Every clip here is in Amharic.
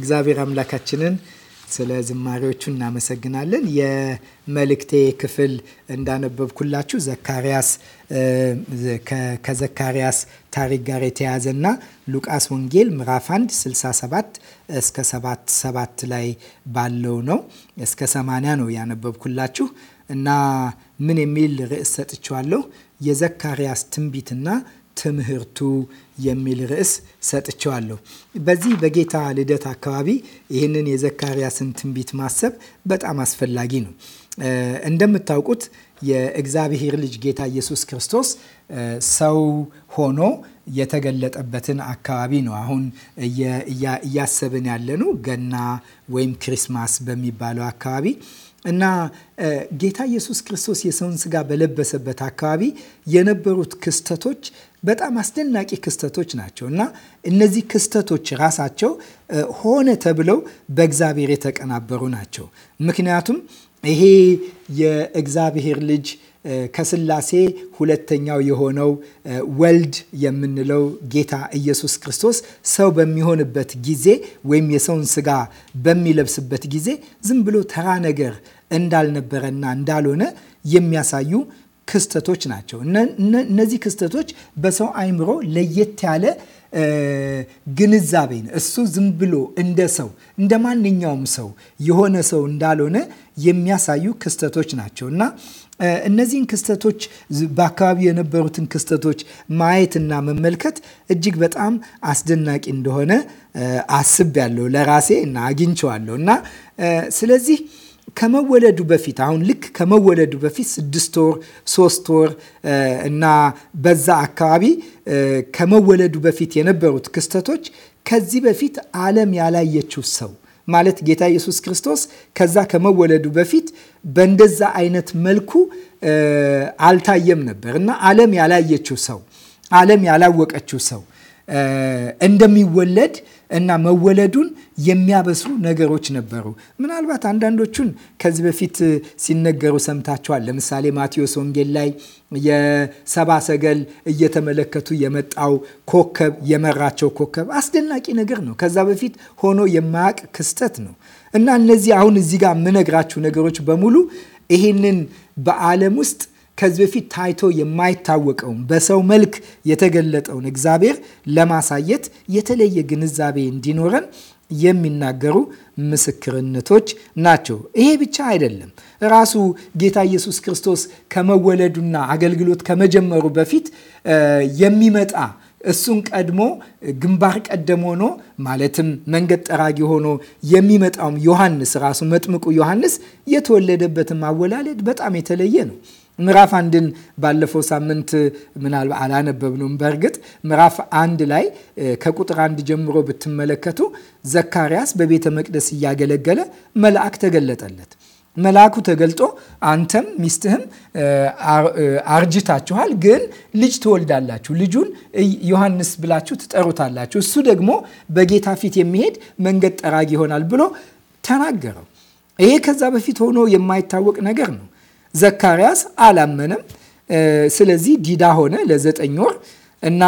እግዚአብሔር አምላካችንን ስለ ዝማሬዎቹ እናመሰግናለን። የመልእክቴ ክፍል እንዳነበብኩላችሁ ዘካርያስ ከዘካርያስ ታሪክ ጋር የተያያዘና ሉቃስ ወንጌል ምዕራፍ 1 67 እስከ 77 ላይ ባለው ነው። እስከ 80 ነው ያነበብኩላችሁ እና ምን የሚል ርዕስ ሰጥቼዋለሁ? የዘካርያስ ትንቢትና ትምህርቱ የሚል ርዕስ ሰጥቸዋለሁ። በዚህ በጌታ ልደት አካባቢ ይህንን የዘካርያስን ትንቢት ማሰብ በጣም አስፈላጊ ነው። እንደምታውቁት የእግዚአብሔር ልጅ ጌታ ኢየሱስ ክርስቶስ ሰው ሆኖ የተገለጠበትን አካባቢ ነው አሁን እያሰብን ያለኑ ገና ወይም ክሪስማስ በሚባለው አካባቢ እና ጌታ ኢየሱስ ክርስቶስ የሰውን ስጋ በለበሰበት አካባቢ የነበሩት ክስተቶች በጣም አስደናቂ ክስተቶች ናቸው እና እነዚህ ክስተቶች ራሳቸው ሆነ ተብለው በእግዚአብሔር የተቀናበሩ ናቸው። ምክንያቱም ይሄ የእግዚአብሔር ልጅ ከስላሴ ሁለተኛው የሆነው ወልድ የምንለው ጌታ ኢየሱስ ክርስቶስ ሰው በሚሆንበት ጊዜ ወይም የሰውን ስጋ በሚለብስበት ጊዜ ዝም ብሎ ተራ ነገር እንዳልነበረና እንዳልሆነ የሚያሳዩ ክስተቶች ናቸው። እነዚህ ክስተቶች በሰው አይምሮ ለየት ያለ ግንዛቤን እሱ ዝም ብሎ እንደ ሰው እንደ ማንኛውም ሰው የሆነ ሰው እንዳልሆነ የሚያሳዩ ክስተቶች ናቸው እና እነዚህን ክስተቶች በአካባቢው የነበሩትን ክስተቶች ማየትና መመልከት እጅግ በጣም አስደናቂ እንደሆነ ያለው ለራሴ እና አግኝቸዋለሁ እና ስለዚህ ከመወለዱ በፊት አሁን ልክ ከመወለዱ በፊት ስድስት ወር ሶስት ወር እና በዛ አካባቢ ከመወለዱ በፊት የነበሩት ክስተቶች ከዚህ በፊት ዓለም ያላየችው ሰው ማለት ጌታ ኢየሱስ ክርስቶስ ከዛ ከመወለዱ በፊት በእንደዛ አይነት መልኩ አልታየም ነበር እና ዓለም ያላየችው ሰው ዓለም ያላወቀችው ሰው እንደሚወለድ እና መወለዱን የሚያበስሩ ነገሮች ነበሩ። ምናልባት አንዳንዶቹን ከዚህ በፊት ሲነገሩ ሰምታችኋል። ለምሳሌ ማቴዎስ ወንጌል ላይ የሰባ ሰገል እየተመለከቱ የመጣው ኮከብ የመራቸው ኮከብ አስደናቂ ነገር ነው። ከዛ በፊት ሆኖ የማያውቅ ክስተት ነው እና እነዚህ አሁን እዚህ ጋር የምነግራችሁ ነገሮች በሙሉ ይህንን በዓለም ውስጥ ከዚህ በፊት ታይቶ የማይታወቀውን በሰው መልክ የተገለጠውን እግዚአብሔር ለማሳየት የተለየ ግንዛቤ እንዲኖረን የሚናገሩ ምስክርነቶች ናቸው። ይሄ ብቻ አይደለም። ራሱ ጌታ ኢየሱስ ክርስቶስ ከመወለዱና አገልግሎት ከመጀመሩ በፊት የሚመጣ እሱን ቀድሞ ግንባር ቀደም ሆኖ ማለትም መንገድ ጠራጊ ሆኖ የሚመጣውም ዮሐንስ ራሱ መጥምቁ ዮሐንስ የተወለደበትም አወላለድ በጣም የተለየ ነው። ምዕራፍ አንድን ባለፈው ሳምንት ምናልባት አላነበብንም። በእርግጥ ምዕራፍ አንድ ላይ ከቁጥር አንድ ጀምሮ ብትመለከቱ ዘካርያስ በቤተ መቅደስ እያገለገለ መልአክ ተገለጠለት። መልአኩ ተገልጦ አንተም ሚስትህም አርጅታችኋል፣ ግን ልጅ ትወልዳላችሁ፣ ልጁን ዮሐንስ ብላችሁ ትጠሩታላችሁ፣ እሱ ደግሞ በጌታ ፊት የሚሄድ መንገድ ጠራጊ ይሆናል ብሎ ተናገረው። ይሄ ከዛ በፊት ሆኖ የማይታወቅ ነገር ነው። ዘካርያስ አላመነም። ስለዚህ ዲዳ ሆነ ለዘጠኝ ወር እና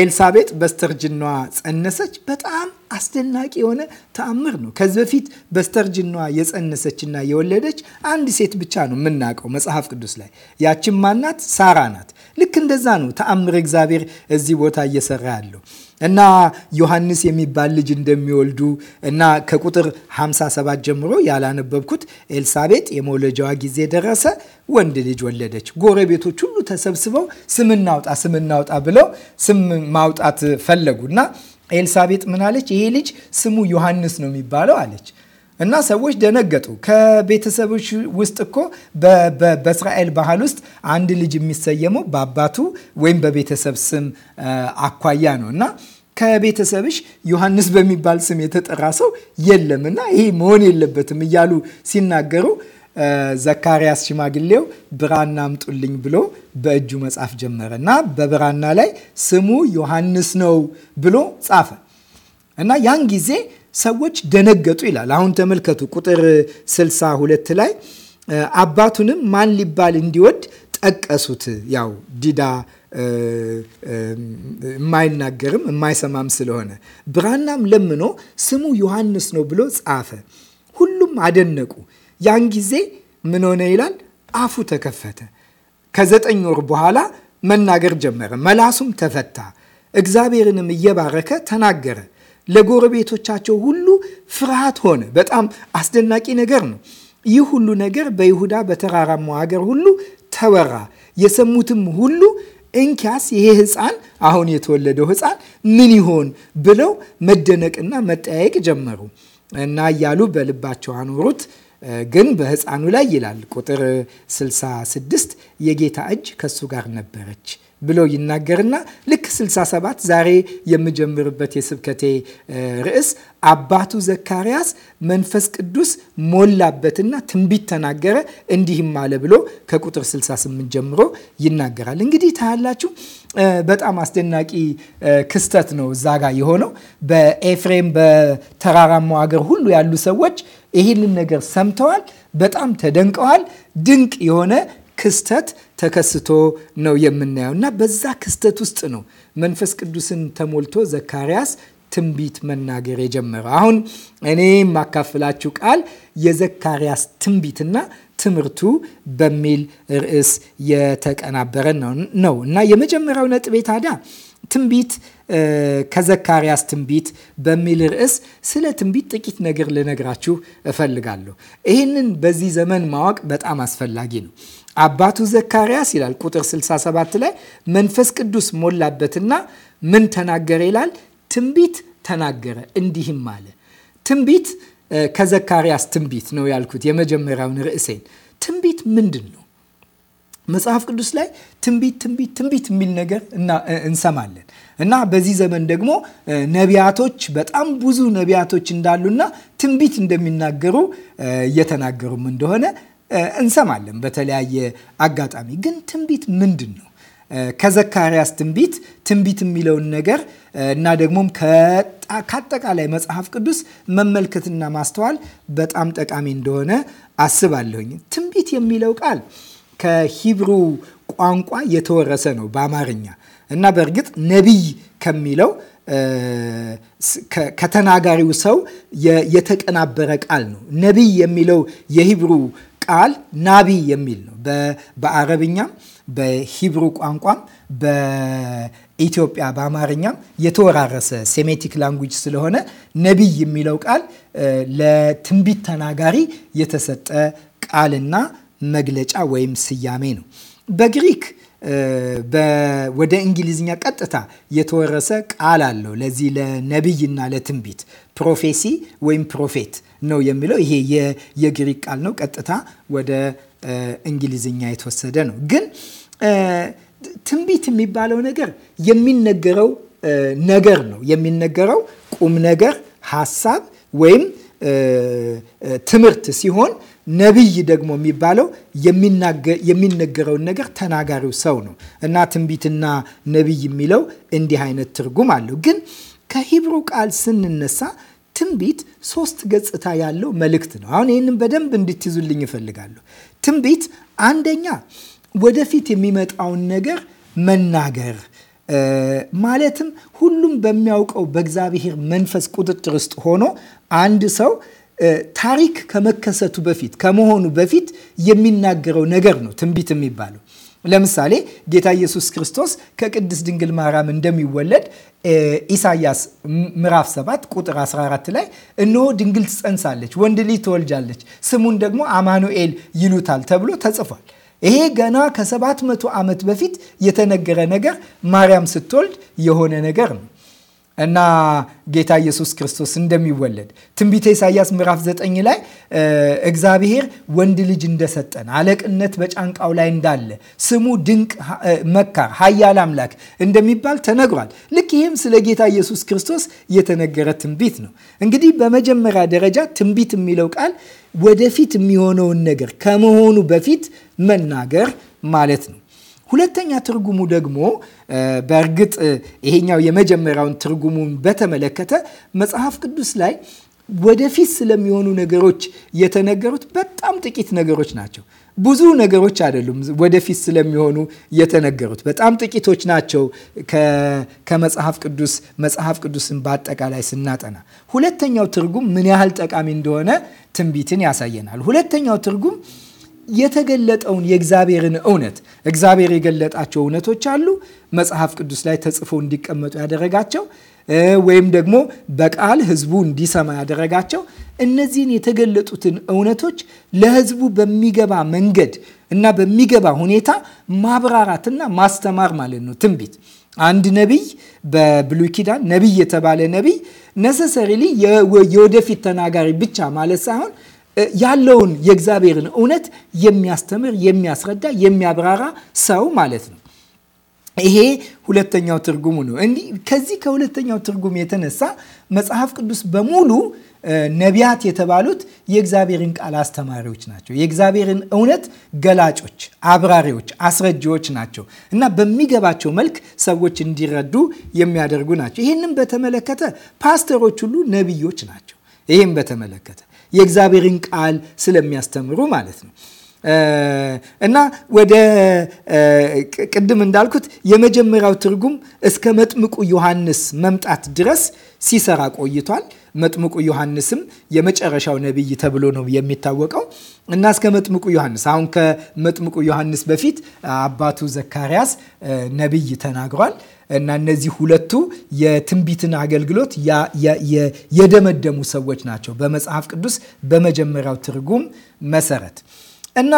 ኤልሳቤጥ በስተርጅኗ ጸነሰች። በጣም አስደናቂ የሆነ ተአምር ነው። ከዚህ በፊት በስተርጅኗ እና የወለደች አንድ ሴት ብቻ ነው የምናውቀው መጽሐፍ ቅዱስ ላይ ያችን ማናት? ሳራ ናት። ልክ እንደዛ ነው ተአምር እግዚአብሔር እዚህ ቦታ እየሰራ ያለው እና ዮሐንስ የሚባል ልጅ እንደሚወልዱ እና ከቁጥር 57 ጀምሮ ያላነበብኩት ኤልሳቤጥ የመውለጃዋ ጊዜ ደረሰ፣ ወንድ ልጅ ወለደች። ጎረቤቶች ሁሉ ተሰብስበው ስም እናውጣ ስም እናውጣ ብለው ስም ማውጣት ፈለጉ እና ኤልሳቤጥ ምን አለች? ይሄ ልጅ ስሙ ዮሐንስ ነው የሚባለው አለች። እና ሰዎች ደነገጡ። ከቤተሰቦች ውስጥ እኮ በእስራኤል ባህል ውስጥ አንድ ልጅ የሚሰየመው በአባቱ ወይም በቤተሰብ ስም አኳያ ነው እና ከቤተሰብሽ ዮሐንስ በሚባል ስም የተጠራ ሰው የለም እና ይሄ መሆን የለበትም እያሉ ሲናገሩ ዘካርያስ ሽማግሌው ብራና አምጡልኝ ብሎ በእጁ መጻፍ ጀመረ እና በብራና ላይ ስሙ ዮሐንስ ነው ብሎ ጻፈ እና ያን ጊዜ ሰዎች ደነገጡ ይላል። አሁን ተመልከቱ ቁጥር 62 ላይ አባቱንም ማን ሊባል እንዲወድ ጠቀሱት። ያው ዲዳ የማይናገርም የማይሰማም ስለሆነ ብራናም ለምኖ ስሙ ዮሐንስ ነው ብሎ ጻፈ። ሁሉም አደነቁ። ያን ጊዜ ምን ሆነ ይላል፣ አፉ ተከፈተ። ከዘጠኝ ወር በኋላ መናገር ጀመረ። መላሱም ተፈታ። እግዚአብሔርንም እየባረከ ተናገረ። ለጎረቤቶቻቸው ሁሉ ፍርሃት ሆነ። በጣም አስደናቂ ነገር ነው። ይህ ሁሉ ነገር በይሁዳ በተራራማው ሀገር ሁሉ ተወራ። የሰሙትም ሁሉ እንኪያስ ይሄ ህፃን አሁን የተወለደው ህፃን ምን ይሆን ብለው መደነቅና መጠያየቅ ጀመሩ እና እያሉ በልባቸው አኖሩት። ግን በህፃኑ ላይ ይላል ቁጥር 66 የጌታ እጅ ከሱ ጋር ነበረች ብሎ ይናገርና ልክ 67 ዛሬ የምጀምርበት የስብከቴ ርዕስ አባቱ ዘካርያስ መንፈስ ቅዱስ ሞላበትና ትንቢት ተናገረ እንዲህም አለ ብሎ ከቁጥር 68 ጀምሮ ይናገራል። እንግዲህ ታያላችሁ በጣም አስደናቂ ክስተት ነው እዛ ጋር የሆነው። በኤፍሬም በተራራማው ሀገር ሁሉ ያሉ ሰዎች ይህንን ነገር ሰምተዋል፣ በጣም ተደንቀዋል። ድንቅ የሆነ ክስተት ተከስቶ ነው የምናየው እና በዛ ክስተት ውስጥ ነው መንፈስ ቅዱስን ተሞልቶ ዘካርያስ ትንቢት መናገር የጀመረው። አሁን እኔ የማካፍላችሁ ቃል የዘካርያስ ትንቢትና ትምህርቱ በሚል ርዕስ የተቀናበረ ነው እና የመጀመሪያው ነጥቤ ታዲያ ትንቢት ከዘካርያስ ትንቢት በሚል ርዕስ ስለ ትንቢት ጥቂት ነገር ልነግራችሁ እፈልጋለሁ። ይህንን በዚህ ዘመን ማወቅ በጣም አስፈላጊ ነው። አባቱ ዘካርያስ ይላል ቁጥር 67 ላይ መንፈስ ቅዱስ ሞላበትና ምን ተናገረ ይላል? ትንቢት ተናገረ እንዲህም አለ። ትንቢት ከዘካርያስ ትንቢት ነው ያልኩት የመጀመሪያውን ርዕሴን። ትንቢት ምንድን ነው? መጽሐፍ ቅዱስ ላይ ትንቢት ትንቢት ትንቢት የሚል ነገር እንሰማለን እና በዚህ ዘመን ደግሞ ነቢያቶች በጣም ብዙ ነቢያቶች እንዳሉና ትንቢት እንደሚናገሩ እየተናገሩም እንደሆነ እንሰማለን በተለያየ አጋጣሚ። ግን ትንቢት ምንድን ነው? ከዘካርያስ ትንቢት ትንቢት የሚለውን ነገር እና ደግሞም ከአጠቃላይ መጽሐፍ ቅዱስ መመልከትና ማስተዋል በጣም ጠቃሚ እንደሆነ አስባለሁኝ። ትንቢት የሚለው ቃል ከሂብሩ ቋንቋ የተወረሰ ነው በአማርኛ እና በእርግጥ ነቢይ ከሚለው ከተናጋሪው ሰው የተቀናበረ ቃል ነው። ነቢይ የሚለው የሂብሩ ቃል ናቢ የሚል ነው። በአረብኛም በሂብሩ ቋንቋም በኢትዮጵያ በአማርኛም የተወራረሰ ሴሜቲክ ላንጉጅ ስለሆነ ነቢይ የሚለው ቃል ለትንቢት ተናጋሪ የተሰጠ ቃልና መግለጫ ወይም ስያሜ ነው። በግሪክ ወደ እንግሊዝኛ ቀጥታ የተወረሰ ቃል አለው። ለዚህ ለነቢይና ለትንቢት ፕሮፌሲ ወይም ፕሮፌት ነው የሚለው። ይሄ የግሪክ ቃል ነው። ቀጥታ ወደ እንግሊዝኛ የተወሰደ ነው። ግን ትንቢት የሚባለው ነገር የሚነገረው ነገር ነው። የሚነገረው ቁም ነገር፣ ሀሳብ ወይም ትምህርት ሲሆን ነቢይ ደግሞ የሚባለው የሚነገረውን ነገር ተናጋሪው ሰው ነው እና ትንቢትና ነቢይ የሚለው እንዲህ አይነት ትርጉም አለው። ግን ከሂብሩ ቃል ስንነሳ ትንቢት ሶስት ገጽታ ያለው መልእክት ነው። አሁን ይህንን በደንብ እንድትይዙልኝ እፈልጋለሁ። ትንቢት አንደኛ ወደፊት የሚመጣውን ነገር መናገር ማለትም ሁሉም በሚያውቀው በእግዚአብሔር መንፈስ ቁጥጥር ውስጥ ሆኖ አንድ ሰው ታሪክ ከመከሰቱ በፊት ከመሆኑ በፊት የሚናገረው ነገር ነው ትንቢት የሚባለው። ለምሳሌ ጌታ ኢየሱስ ክርስቶስ ከቅድስት ድንግል ማርያም እንደሚወለድ ኢሳያስ ምዕራፍ 7 ቁጥር 14 ላይ እነሆ ድንግል ትጸንሳለች፣ ወንድ ልጅ ትወልጃለች፣ ስሙን ደግሞ አማኑኤል ይሉታል ተብሎ ተጽፏል። ይሄ ገና ከሰባት መቶ ዓመት በፊት የተነገረ ነገር ማርያም ስትወልድ የሆነ ነገር ነው። እና ጌታ ኢየሱስ ክርስቶስ እንደሚወለድ ትንቢተ ኢሳይያስ ምዕራፍ 9 ላይ እግዚአብሔር ወንድ ልጅ እንደሰጠን አለቅነት በጫንቃው ላይ እንዳለ ስሙ ድንቅ መካር፣ ኃያል አምላክ እንደሚባል ተነግሯል። ልክ ይህም ስለ ጌታ ኢየሱስ ክርስቶስ የተነገረ ትንቢት ነው። እንግዲህ በመጀመሪያ ደረጃ ትንቢት የሚለው ቃል ወደፊት የሚሆነውን ነገር ከመሆኑ በፊት መናገር ማለት ነው። ሁለተኛ ትርጉሙ ደግሞ በእርግጥ ይሄኛው የመጀመሪያውን ትርጉሙን በተመለከተ መጽሐፍ ቅዱስ ላይ ወደፊት ስለሚሆኑ ነገሮች የተነገሩት በጣም ጥቂት ነገሮች ናቸው። ብዙ ነገሮች አይደሉም። ወደፊት ስለሚሆኑ የተነገሩት በጣም ጥቂቶች ናቸው። ከመጽሐፍ ቅዱስ መጽሐፍ ቅዱስን በአጠቃላይ ስናጠና ሁለተኛው ትርጉም ምን ያህል ጠቃሚ እንደሆነ ትንቢትን ያሳየናል። ሁለተኛው ትርጉም የተገለጠውን የእግዚአብሔርን እውነት እግዚአብሔር የገለጣቸው እውነቶች አሉ መጽሐፍ ቅዱስ ላይ ተጽፎ እንዲቀመጡ ያደረጋቸው ወይም ደግሞ በቃል ሕዝቡ እንዲሰማ ያደረጋቸው እነዚህን የተገለጡትን እውነቶች ለሕዝቡ በሚገባ መንገድ እና በሚገባ ሁኔታ ማብራራትና ማስተማር ማለት ነው ትንቢት። አንድ ነቢይ በብሉይ ኪዳን ነቢይ የተባለ ነቢይ ነሰሰሪሊ የወደፊት ተናጋሪ ብቻ ማለት ሳይሆን ያለውን የእግዚአብሔርን እውነት የሚያስተምር የሚያስረዳ የሚያብራራ ሰው ማለት ነው። ይሄ ሁለተኛው ትርጉሙ ነው። እንዲህ ከዚህ ከሁለተኛው ትርጉም የተነሳ መጽሐፍ ቅዱስ በሙሉ ነቢያት የተባሉት የእግዚአብሔርን ቃል አስተማሪዎች ናቸው። የእግዚአብሔርን እውነት ገላጮች፣ አብራሪዎች፣ አስረጂዎች ናቸው እና በሚገባቸው መልክ ሰዎች እንዲረዱ የሚያደርጉ ናቸው። ይህንም በተመለከተ ፓስተሮች ሁሉ ነቢዮች ናቸው። ይህም በተመለከተ የእግዚአብሔርን ቃል ስለሚያስተምሩ ማለት ነው። እና ወደ ቅድም እንዳልኩት የመጀመሪያው ትርጉም እስከ መጥምቁ ዮሐንስ መምጣት ድረስ ሲሰራ ቆይቷል። መጥምቁ ዮሐንስም የመጨረሻው ነቢይ ተብሎ ነው የሚታወቀው እና እስከ መጥምቁ ዮሐንስ አሁን ከመጥምቁ ዮሐንስ በፊት አባቱ ዘካርያስ ነቢይ ተናግሯል እና እነዚህ ሁለቱ የትንቢትን አገልግሎት የደመደሙ ሰዎች ናቸው በመጽሐፍ ቅዱስ በመጀመሪያው ትርጉም መሰረት እና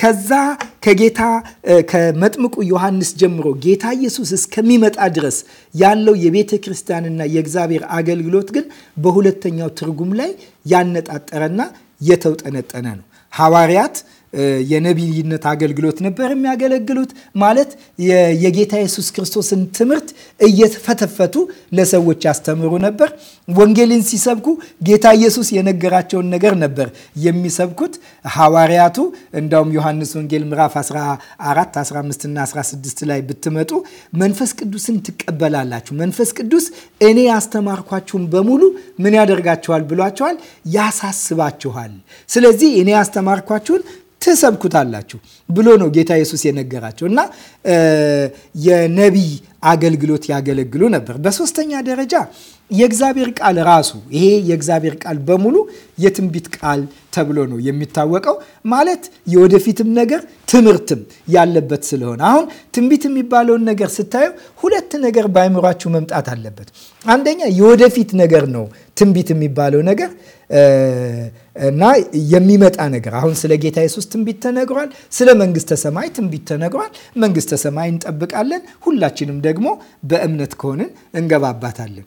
ከዛ ከጌታ ከመጥምቁ ዮሐንስ ጀምሮ ጌታ ኢየሱስ እስከሚመጣ ድረስ ያለው የቤተ ክርስቲያንና የእግዚአብሔር አገልግሎት ግን በሁለተኛው ትርጉም ላይ ያነጣጠረና የተውጠነጠነ ነው። ሐዋርያት የነቢይነት አገልግሎት ነበር የሚያገለግሉት። ማለት የጌታ ኢየሱስ ክርስቶስን ትምህርት እየተፈተፈቱ ለሰዎች ያስተምሩ ነበር። ወንጌልን ሲሰብኩ ጌታ ኢየሱስ የነገራቸውን ነገር ነበር የሚሰብኩት ሐዋርያቱ። እንዳውም ዮሐንስ ወንጌል ምዕራፍ 14፣ 15 እና 16 ላይ ብትመጡ መንፈስ ቅዱስን ትቀበላላችሁ፣ መንፈስ ቅዱስ እኔ ያስተማርኳችሁን በሙሉ ምን ያደርጋችኋል ብሏቸዋል? ያሳስባችኋል። ስለዚህ እኔ ያስተማርኳችሁን ትሰብኩታላችሁ ብሎ ነው ጌታ ኢየሱስ የነገራቸው እና የነቢይ አገልግሎት ያገለግሉ ነበር። በሶስተኛ ደረጃ የእግዚአብሔር ቃል ራሱ ይሄ የእግዚአብሔር ቃል በሙሉ የትንቢት ቃል ተብሎ ነው የሚታወቀው። ማለት የወደፊትም ነገር ትምህርትም ያለበት ስለሆነ አሁን ትንቢት የሚባለውን ነገር ስታየው ሁለት ነገር በአይምሯችሁ መምጣት አለበት። አንደኛ የወደፊት ነገር ነው ትንቢት የሚባለው ነገር እና የሚመጣ ነገር አሁን ስለ ጌታ የሱስ ትንቢት ተነግሯል። ስለ መንግስተ ሰማይ ትንቢት ተነግሯል። መንግስተ ሰማይ እንጠብቃለን። ሁላችንም ደግሞ በእምነት ከሆንን እንገባባታለን።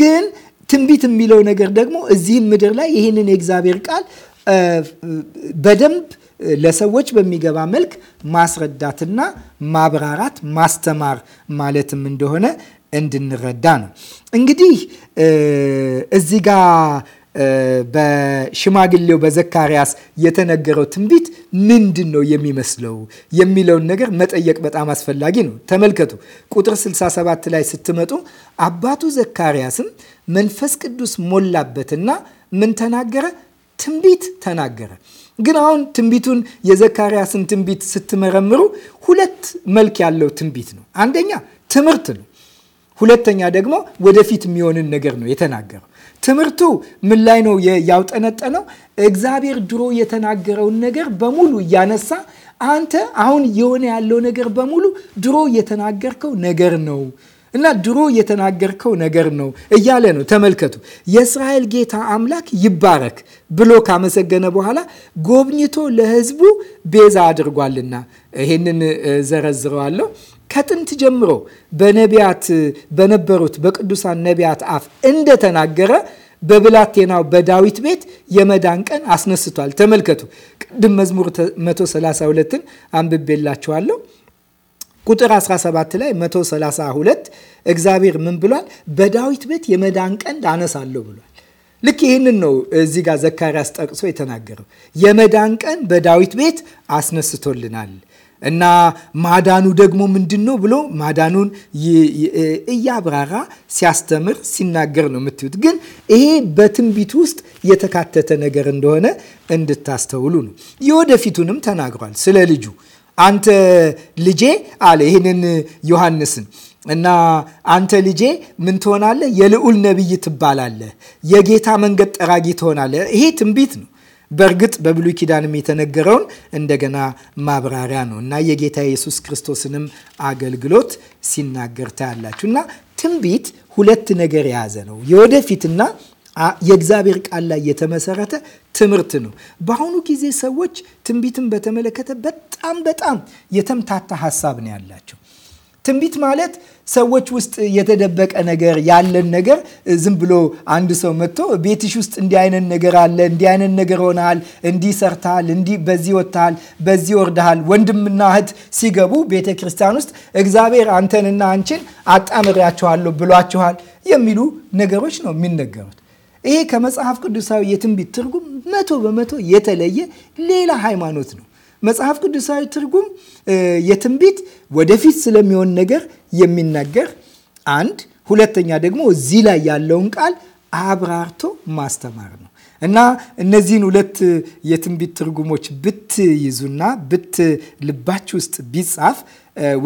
ግን ትንቢት የሚለው ነገር ደግሞ እዚህም ምድር ላይ ይህንን የእግዚአብሔር ቃል በደንብ ለሰዎች በሚገባ መልክ ማስረዳትና ማብራራት ማስተማር ማለትም እንደሆነ እንድንረዳ ነው። እንግዲህ እዚህ ጋ በሽማግሌው በዘካርያስ የተነገረው ትንቢት ምንድን ነው የሚመስለው የሚለውን ነገር መጠየቅ በጣም አስፈላጊ ነው። ተመልከቱ ቁጥር 67 ላይ ስትመጡ አባቱ ዘካርያስም መንፈስ ቅዱስ ሞላበትና ምን ተናገረ? ትንቢት ተናገረ። ግን አሁን ትንቢቱን የዘካርያስን ትንቢት ስትመረምሩ ሁለት መልክ ያለው ትንቢት ነው። አንደኛ ትምህርት ነው ሁለተኛ ደግሞ ወደፊት የሚሆንን ነገር ነው የተናገረው። ትምህርቱ ምን ላይ ነው ያውጠነጠነው? እግዚአብሔር ድሮ የተናገረውን ነገር በሙሉ እያነሳ አንተ አሁን የሆነ ያለው ነገር በሙሉ ድሮ የተናገርከው ነገር ነው እና ድሮ የተናገርከው ነገር ነው እያለ ነው። ተመልከቱ። የእስራኤል ጌታ አምላክ ይባረክ ብሎ ካመሰገነ በኋላ ጎብኝቶ ለሕዝቡ ቤዛ አድርጓልና ይሄንን ዘረዝረዋለሁ። ከጥንት ጀምሮ በነቢያት በነበሩት በቅዱሳን ነቢያት አፍ እንደተናገረ በብላቴናው በዳዊት ቤት የመዳን ቀን አስነስቷል። ተመልከቱ። ቅድም መዝሙር 132ን አንብቤላችኋለሁ። ቁጥር 17 ላይ 132 እግዚአብሔር ምን ብሏል? በዳዊት ቤት የመዳን ቀን አነሳለሁ ብሏል። ልክ ይህንን ነው እዚህ ጋር ዘካርያስ ጠቅሶ የተናገረው። የመዳን ቀን በዳዊት ቤት አስነስቶልናል እና ማዳኑ ደግሞ ምንድን ነው ብሎ ማዳኑን እያብራራ ሲያስተምር ሲናገር ነው የምትዩት። ግን ይሄ በትንቢት ውስጥ የተካተተ ነገር እንደሆነ እንድታስተውሉ ነው። የወደፊቱንም ተናግሯል ስለ ልጁ አንተ ልጄ አለ ይህንን ዮሐንስን እና አንተ ልጄ ምን ትሆናለህ? የልዑል ነቢይ ትባላለህ፣ የጌታ መንገድ ጠራጊ ትሆናለህ። ይሄ ትንቢት ነው። በእርግጥ በብሉይ ኪዳንም የተነገረውን እንደገና ማብራሪያ ነው እና የጌታ ኢየሱስ ክርስቶስንም አገልግሎት ሲናገር ታያላችሁ እና ትንቢት ሁለት ነገር የያዘ ነው። የወደፊትና የእግዚአብሔር ቃል ላይ የተመሰረተ ትምህርት ነው። በአሁኑ ጊዜ ሰዎች ትንቢትን በተመለከተ በጣም በጣም የተምታታ ሀሳብ ነው ያላቸው። ትንቢት ማለት ሰዎች ውስጥ የተደበቀ ነገር ያለን ነገር ዝም ብሎ አንድ ሰው መጥቶ ቤትሽ ውስጥ እንዲህ አይነት ነገር አለ፣ እንዲህ አይነት ነገር ሆናል፣ እንዲህ ሰርታል፣ እንዲህ በዚህ ወጥተሃል፣ በዚህ ወርደሃል። ወንድምና እህት ሲገቡ ቤተ ክርስቲያን ውስጥ እግዚአብሔር አንተንና አንቺን አጣምሪያችኋለሁ ብሏችኋል የሚሉ ነገሮች ነው የሚነገሩት። ይሄ ከመጽሐፍ ቅዱሳዊ የትንቢት ትርጉም መቶ በመቶ የተለየ ሌላ ሃይማኖት ነው። መጽሐፍ ቅዱሳዊ ትርጉም የትንቢት ወደፊት ስለሚሆን ነገር የሚናገር አንድ፣ ሁለተኛ ደግሞ እዚህ ላይ ያለውን ቃል አብራርቶ ማስተማር ነው። እና እነዚህን ሁለት የትንቢት ትርጉሞች ብትይዙና ብት ውስጥ ቢጻፍ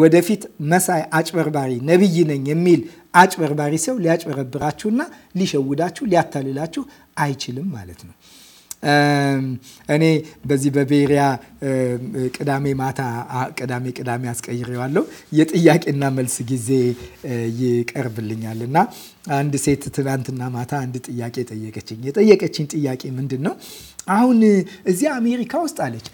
ወደፊት መሳይ አጭበርባሪ ነቢይ ነኝ የሚል አጭበርባሪ ሰው ሊያጭበረብራችሁና ሊሸውዳችሁ ሊያታልላችሁ አይችልም ማለት ነው። እኔ በዚህ በቤሪያ ቅዳሜ ማታ ቅዳሜ ቅዳሜ አስቀይሬዋለሁ የጥያቄና መልስ ጊዜ ይቀርብልኛል እና አንድ ሴት ትናንትና ማታ አንድ ጥያቄ ጠየቀችኝ። የጠየቀችኝ ጥያቄ ምንድን ነው? አሁን እዚያ አሜሪካ ውስጥ አለች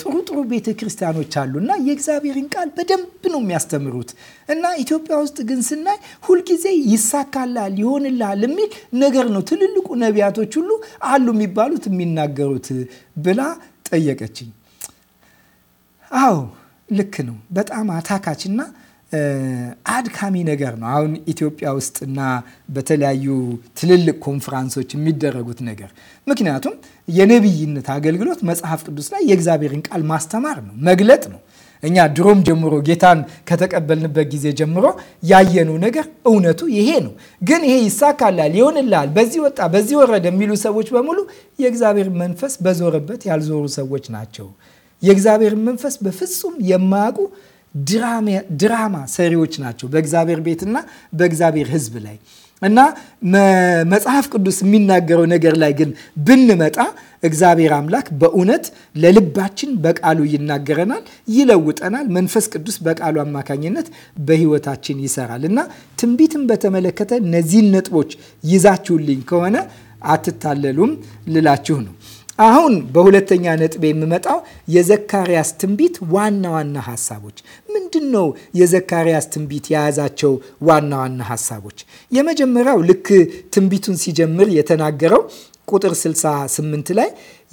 ጥሩ ጥሩ ቤተ ክርስቲያኖች አሉ እና የእግዚአብሔርን ቃል በደንብ ነው የሚያስተምሩት እና ኢትዮጵያ ውስጥ ግን ስናይ ሁልጊዜ ይሳካላል፣ ይሆንልሃል የሚል ነገር ነው ትልልቁ ነቢያቶች ሁሉ አሉ የሚባሉት የሚናገሩት ብላ ጠየቀችኝ። አዎ ልክ ነው። በጣም አታካች እና አድካሚ ነገር ነው። አሁን ኢትዮጵያ ውስጥ እና በተለያዩ ትልልቅ ኮንፈራንሶች የሚደረጉት ነገር ምክንያቱም የነቢይነት አገልግሎት መጽሐፍ ቅዱስ ላይ የእግዚአብሔርን ቃል ማስተማር ነው፣ መግለጥ ነው። እኛ ድሮም ጀምሮ ጌታን ከተቀበልንበት ጊዜ ጀምሮ ያየነው ነገር እውነቱ ይሄ ነው። ግን ይሄ ይሳካላል፣ ይሆንላል፣ በዚህ ወጣ፣ በዚህ ወረደ የሚሉ ሰዎች በሙሉ የእግዚአብሔር መንፈስ በዞረበት ያልዞሩ ሰዎች ናቸው። የእግዚአብሔር መንፈስ በፍጹም የማያውቁ ድራማ ሰሪዎች ናቸው በእግዚአብሔር ቤትና በእግዚአብሔር ሕዝብ ላይ እና መጽሐፍ ቅዱስ የሚናገረው ነገር ላይ ግን ብንመጣ እግዚአብሔር አምላክ በእውነት ለልባችን በቃሉ ይናገረናል፣ ይለውጠናል። መንፈስ ቅዱስ በቃሉ አማካኝነት በሕይወታችን ይሰራል እና ትንቢትን በተመለከተ እነዚህን ነጥቦች ይዛችሁልኝ ከሆነ አትታለሉም ልላችሁ ነው። አሁን በሁለተኛ ነጥብ የምመጣው የዘካርያስ ትንቢት ዋና ዋና ሀሳቦች ምንድን ነው? የዘካርያስ ትንቢት የያዛቸው ዋና ዋና ሀሳቦች የመጀመሪያው ልክ ትንቢቱን ሲጀምር የተናገረው ቁጥር 68 ላይ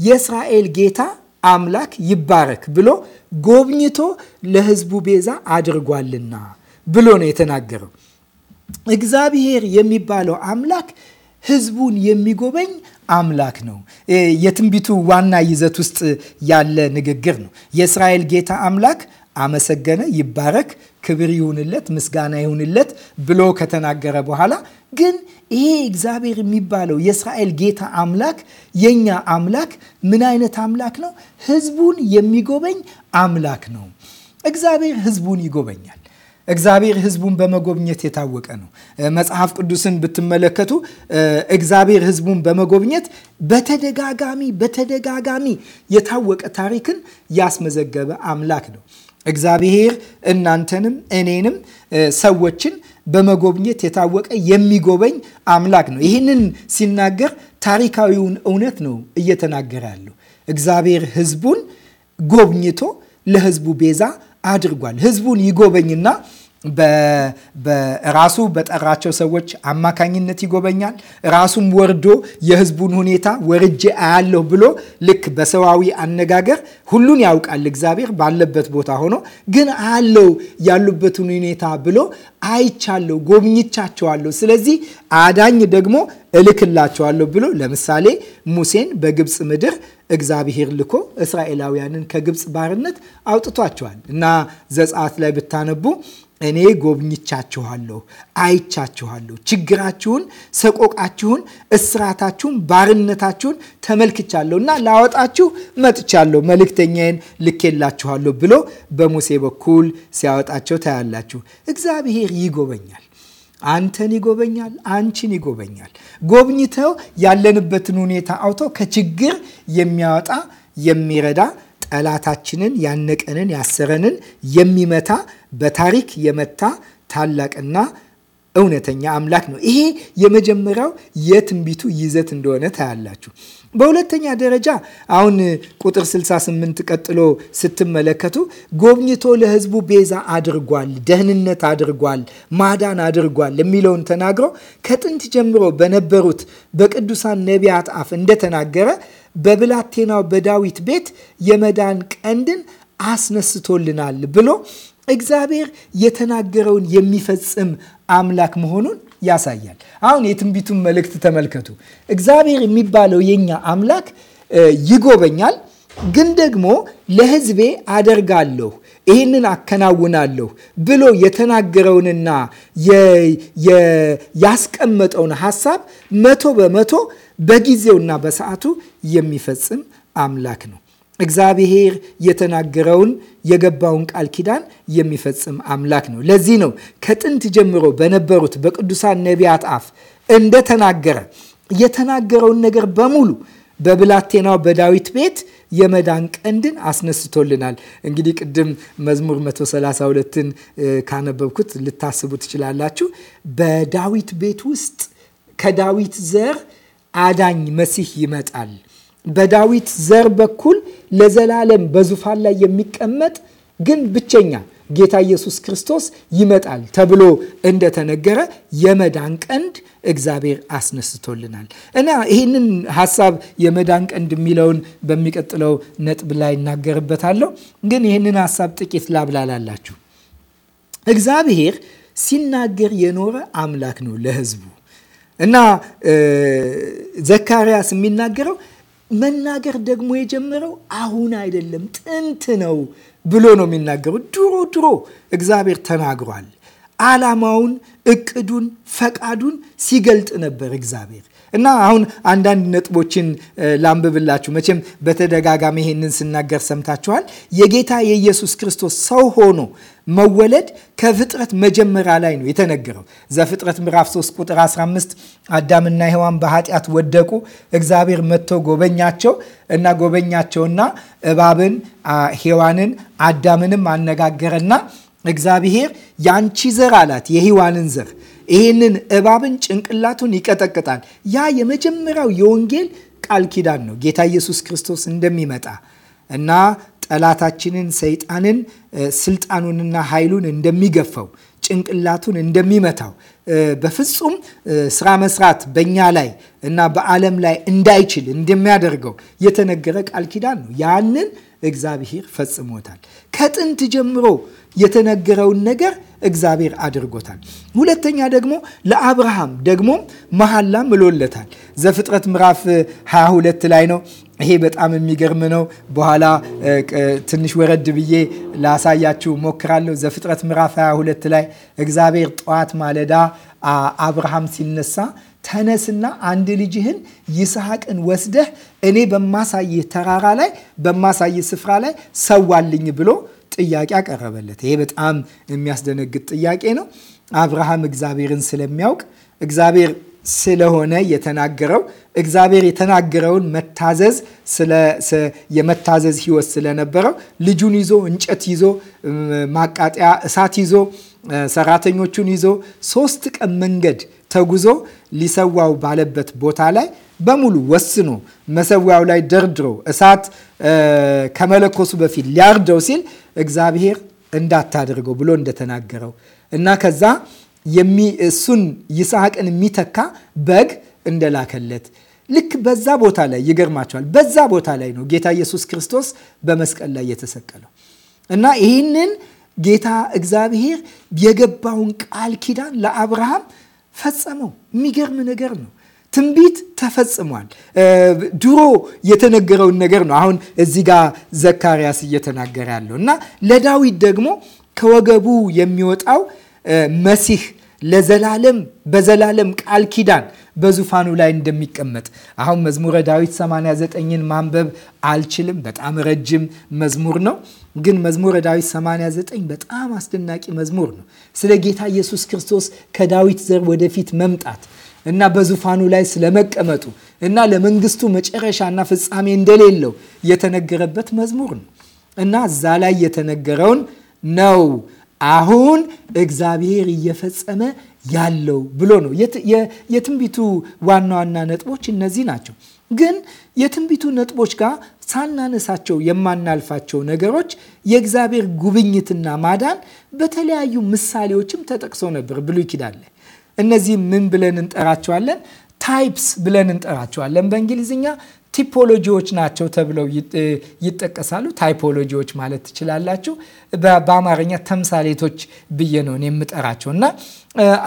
የእስራኤል ጌታ አምላክ ይባረክ ብሎ ጎብኝቶ ለሕዝቡ ቤዛ አድርጓልና ብሎ ነው የተናገረው። እግዚአብሔር የሚባለው አምላክ ሕዝቡን የሚጎበኝ አምላክ ነው። የትንቢቱ ዋና ይዘት ውስጥ ያለ ንግግር ነው። የእስራኤል ጌታ አምላክ አመሰገነ፣ ይባረክ፣ ክብር ይሁንለት፣ ምስጋና ይሁንለት ብሎ ከተናገረ በኋላ ግን ይሄ እግዚአብሔር የሚባለው የእስራኤል ጌታ አምላክ የኛ አምላክ ምን አይነት አምላክ ነው? ህዝቡን የሚጎበኝ አምላክ ነው። እግዚአብሔር ህዝቡን ይጎበኛል። እግዚአብሔር ሕዝቡን በመጎብኘት የታወቀ ነው። መጽሐፍ ቅዱስን ብትመለከቱ እግዚአብሔር ሕዝቡን በመጎብኘት በተደጋጋሚ በተደጋጋሚ የታወቀ ታሪክን ያስመዘገበ አምላክ ነው። እግዚአብሔር እናንተንም እኔንም ሰዎችን በመጎብኘት የታወቀ የሚጎበኝ አምላክ ነው። ይህንን ሲናገር ታሪካዊውን እውነት ነው እየተናገረ ያለው። እግዚአብሔር ሕዝቡን ጎብኝቶ ለሕዝቡ ቤዛ አድርጓል። ሕዝቡን ይጎበኝና በራሱ በጠራቸው ሰዎች አማካኝነት ይጎበኛል። ራሱም ወርዶ የህዝቡን ሁኔታ ወርጄ አያለሁ ብሎ ልክ በሰዋዊ አነጋገር ሁሉን ያውቃል እግዚአብሔር ባለበት ቦታ ሆኖ ግን አያለው ያሉበትን ሁኔታ ብሎ አይቻለሁ፣ ጎብኝቻቸዋለሁ። ስለዚህ አዳኝ ደግሞ እልክላቸዋለሁ ብሎ ለምሳሌ ሙሴን በግብፅ ምድር እግዚአብሔር ልኮ እስራኤላውያንን ከግብፅ ባርነት አውጥቷቸዋል እና ዘጸአት ላይ ብታነቡ እኔ ጎብኝቻችኋለሁ፣ አይቻችኋለሁ፣ ችግራችሁን፣ ሰቆቃችሁን፣ እስራታችሁን፣ ባርነታችሁን ተመልክቻለሁ እና ላወጣችሁ መጥቻለሁ፣ መልእክተኛዬን ልኬላችኋለሁ ብሎ በሙሴ በኩል ሲያወጣቸው ታያላችሁ። እግዚአብሔር ይጎበኛል። አንተን ይጎበኛል። አንቺን ይጎበኛል። ጎብኝተው ያለንበትን ሁኔታ አውቶ ከችግር የሚያወጣ የሚረዳ ጠላታችንን ያነቀንን ያሰረንን የሚመታ በታሪክ የመታ ታላቅና እውነተኛ አምላክ ነው። ይሄ የመጀመሪያው የትንቢቱ ይዘት እንደሆነ ታያላችሁ። በሁለተኛ ደረጃ አሁን ቁጥር 68 ቀጥሎ ስትመለከቱ ጎብኝቶ ለሕዝቡ ቤዛ አድርጓል፣ ደህንነት አድርጓል፣ ማዳን አድርጓል የሚለውን ተናግሮ ከጥንት ጀምሮ በነበሩት በቅዱሳን ነቢያት አፍ እንደተናገረ በብላቴናው በዳዊት ቤት የመዳን ቀንድን አስነስቶልናል ብሎ እግዚአብሔር የተናገረውን የሚፈጽም አምላክ መሆኑን ያሳያል። አሁን የትንቢቱን መልእክት ተመልከቱ። እግዚአብሔር የሚባለው የኛ አምላክ ይጎበኛል፣ ግን ደግሞ ለሕዝቤ አደርጋለሁ ይህንን አከናውናለሁ ብሎ የተናገረውንና ያስቀመጠውን ሀሳብ መቶ በመቶ በጊዜውና በሰዓቱ የሚፈጽም አምላክ ነው። እግዚአብሔር የተናገረውን የገባውን ቃል ኪዳን የሚፈጽም አምላክ ነው። ለዚህ ነው ከጥንት ጀምሮ በነበሩት በቅዱሳን ነቢያት አፍ እንደተናገረ የተናገረውን ነገር በሙሉ በብላቴናው በዳዊት ቤት የመዳን ቀንድን አስነስቶልናል። እንግዲህ ቅድም መዝሙር 132ን ካነበብኩት ልታስቡ ትችላላችሁ። በዳዊት ቤት ውስጥ ከዳዊት ዘር አዳኝ መሲህ ይመጣል በዳዊት ዘር በኩል ለዘላለም በዙፋን ላይ የሚቀመጥ ግን ብቸኛ ጌታ ኢየሱስ ክርስቶስ ይመጣል ተብሎ እንደተነገረ የመዳን ቀንድ እግዚአብሔር አስነስቶልናል እና ይህንን ሀሳብ የመዳን ቀንድ የሚለውን በሚቀጥለው ነጥብ ላይ እናገርበታለሁ። ግን ይህንን ሀሳብ ጥቂት ላብላላላችሁ። እግዚአብሔር ሲናገር የኖረ አምላክ ነው ለሕዝቡ እና ዘካርያስ የሚናገረው መናገር ደግሞ የጀመረው አሁን አይደለም ጥንት ነው ብሎ ነው የሚናገረው። ድሮ ድሮ እግዚአብሔር ተናግሯል። ዓላማውን፣ እቅዱን፣ ፈቃዱን ሲገልጥ ነበር እግዚአብሔር እና አሁን አንዳንድ ነጥቦችን ላንብብላችሁ። መቼም በተደጋጋሚ ይሄንን ስናገር ሰምታችኋል። የጌታ የኢየሱስ ክርስቶስ ሰው ሆኖ መወለድ ከፍጥረት መጀመሪያ ላይ ነው የተነገረው። ዘፍጥረት ምዕራፍ 3 ቁጥር 15 አዳምና ሔዋን በኃጢአት ወደቁ። እግዚአብሔር መጥቶ ጎበኛቸው እና ጎበኛቸውና እባብን ሔዋንን አዳምንም አነጋገረና እግዚአብሔር ያንቺ ዘር አላት የሔዋንን ዘር ይህንን እባብን ጭንቅላቱን ይቀጠቅጣል። ያ የመጀመሪያው የወንጌል ቃል ኪዳን ነው። ጌታ ኢየሱስ ክርስቶስ እንደሚመጣ እና ጠላታችንን ሰይጣንን ስልጣኑንና ኃይሉን እንደሚገፋው ጭንቅላቱን እንደሚመታው በፍጹም ስራ መስራት በእኛ ላይ እና በዓለም ላይ እንዳይችል እንደሚያደርገው የተነገረ ቃል ኪዳን ነው። ያንን እግዚአብሔር ፈጽሞታል። ከጥንት ጀምሮ የተነገረውን ነገር እግዚአብሔር አድርጎታል። ሁለተኛ ደግሞ ለአብርሃም ደግሞ መሐላ ምሎለታል። ዘፍጥረት ምዕራፍ 22 ላይ ነው። ይሄ በጣም የሚገርም ነው። በኋላ ትንሽ ወረድ ብዬ ላሳያችሁ ሞክራለሁ። ዘፍጥረት ምዕራፍ 22 ላይ እግዚአብሔር ጠዋት ማለዳ አብርሃም ሲነሳ ተነስና አንድ ልጅህን ይስሐቅን ወስደህ እኔ በማሳይ ተራራ ላይ በማሳይ ስፍራ ላይ ሰዋልኝ ብሎ ጥያቄ አቀረበለት። ይሄ በጣም የሚያስደነግጥ ጥያቄ ነው። አብርሃም እግዚአብሔርን ስለሚያውቅ እግዚአብሔር ስለሆነ የተናገረው እግዚአብሔር የተናገረውን መታዘዝ የመታዘዝ ህይወት ስለነበረው ልጁን ይዞ እንጨት ይዞ ማቃጠያ እሳት ይዞ ሰራተኞቹን ይዞ ሶስት ቀን መንገድ ተጉዞ ሊሰዋው ባለበት ቦታ ላይ በሙሉ ወስኖ መሰዊያው ላይ ደርድሮ እሳት ከመለኮሱ በፊት ሊያርደው ሲል እግዚአብሔር እንዳታደርገው ብሎ እንደተናገረው እና ከዛ እሱን ይስሐቅን የሚተካ በግ እንደላከለት ልክ በዛ ቦታ ላይ ይገርማቸዋል። በዛ ቦታ ላይ ነው ጌታ ኢየሱስ ክርስቶስ በመስቀል ላይ የተሰቀለው እና ይህንን ጌታ እግዚአብሔር የገባውን ቃል ኪዳን ለአብርሃም ፈጸመው። የሚገርም ነገር ነው። ትንቢት ተፈጽሟል። ድሮ የተነገረውን ነገር ነው አሁን እዚህ ጋር ዘካርያስ እየተናገረ ያለው እና ለዳዊት ደግሞ ከወገቡ የሚወጣው መሲህ ለዘላለም በዘላለም ቃል ኪዳን በዙፋኑ ላይ እንደሚቀመጥ። አሁን መዝሙረ ዳዊት 89ን ማንበብ አልችልም። በጣም ረጅም መዝሙር ነው። ግን መዝሙረ ዳዊት 89 በጣም አስደናቂ መዝሙር ነው። ስለ ጌታ ኢየሱስ ክርስቶስ ከዳዊት ዘር ወደፊት መምጣት እና በዙፋኑ ላይ ስለመቀመጡ እና ለመንግስቱ መጨረሻና ፍጻሜ እንደሌለው የተነገረበት መዝሙር ነው እና እዛ ላይ የተነገረውን ነው አሁን እግዚአብሔር እየፈጸመ ያለው ብሎ ነው። የትንቢቱ ዋና ዋና ነጥቦች እነዚህ ናቸው። ግን የትንቢቱ ነጥቦች ጋር ሳናነሳቸው የማናልፋቸው ነገሮች የእግዚአብሔር ጉብኝትና ማዳን በተለያዩ ምሳሌዎችም ተጠቅሶ ነበር ብሉይ ኪዳን ላይ። እነዚህ ምን ብለን እንጠራቸዋለን? ታይፕስ ብለን እንጠራቸዋለን በእንግሊዝኛ ቲፖሎጂዎች ናቸው ተብለው ይጠቀሳሉ። ታይፖሎጂዎች ማለት ትችላላችሁ። በአማርኛ ተምሳሌቶች ብዬ ነው የምጠራቸው እና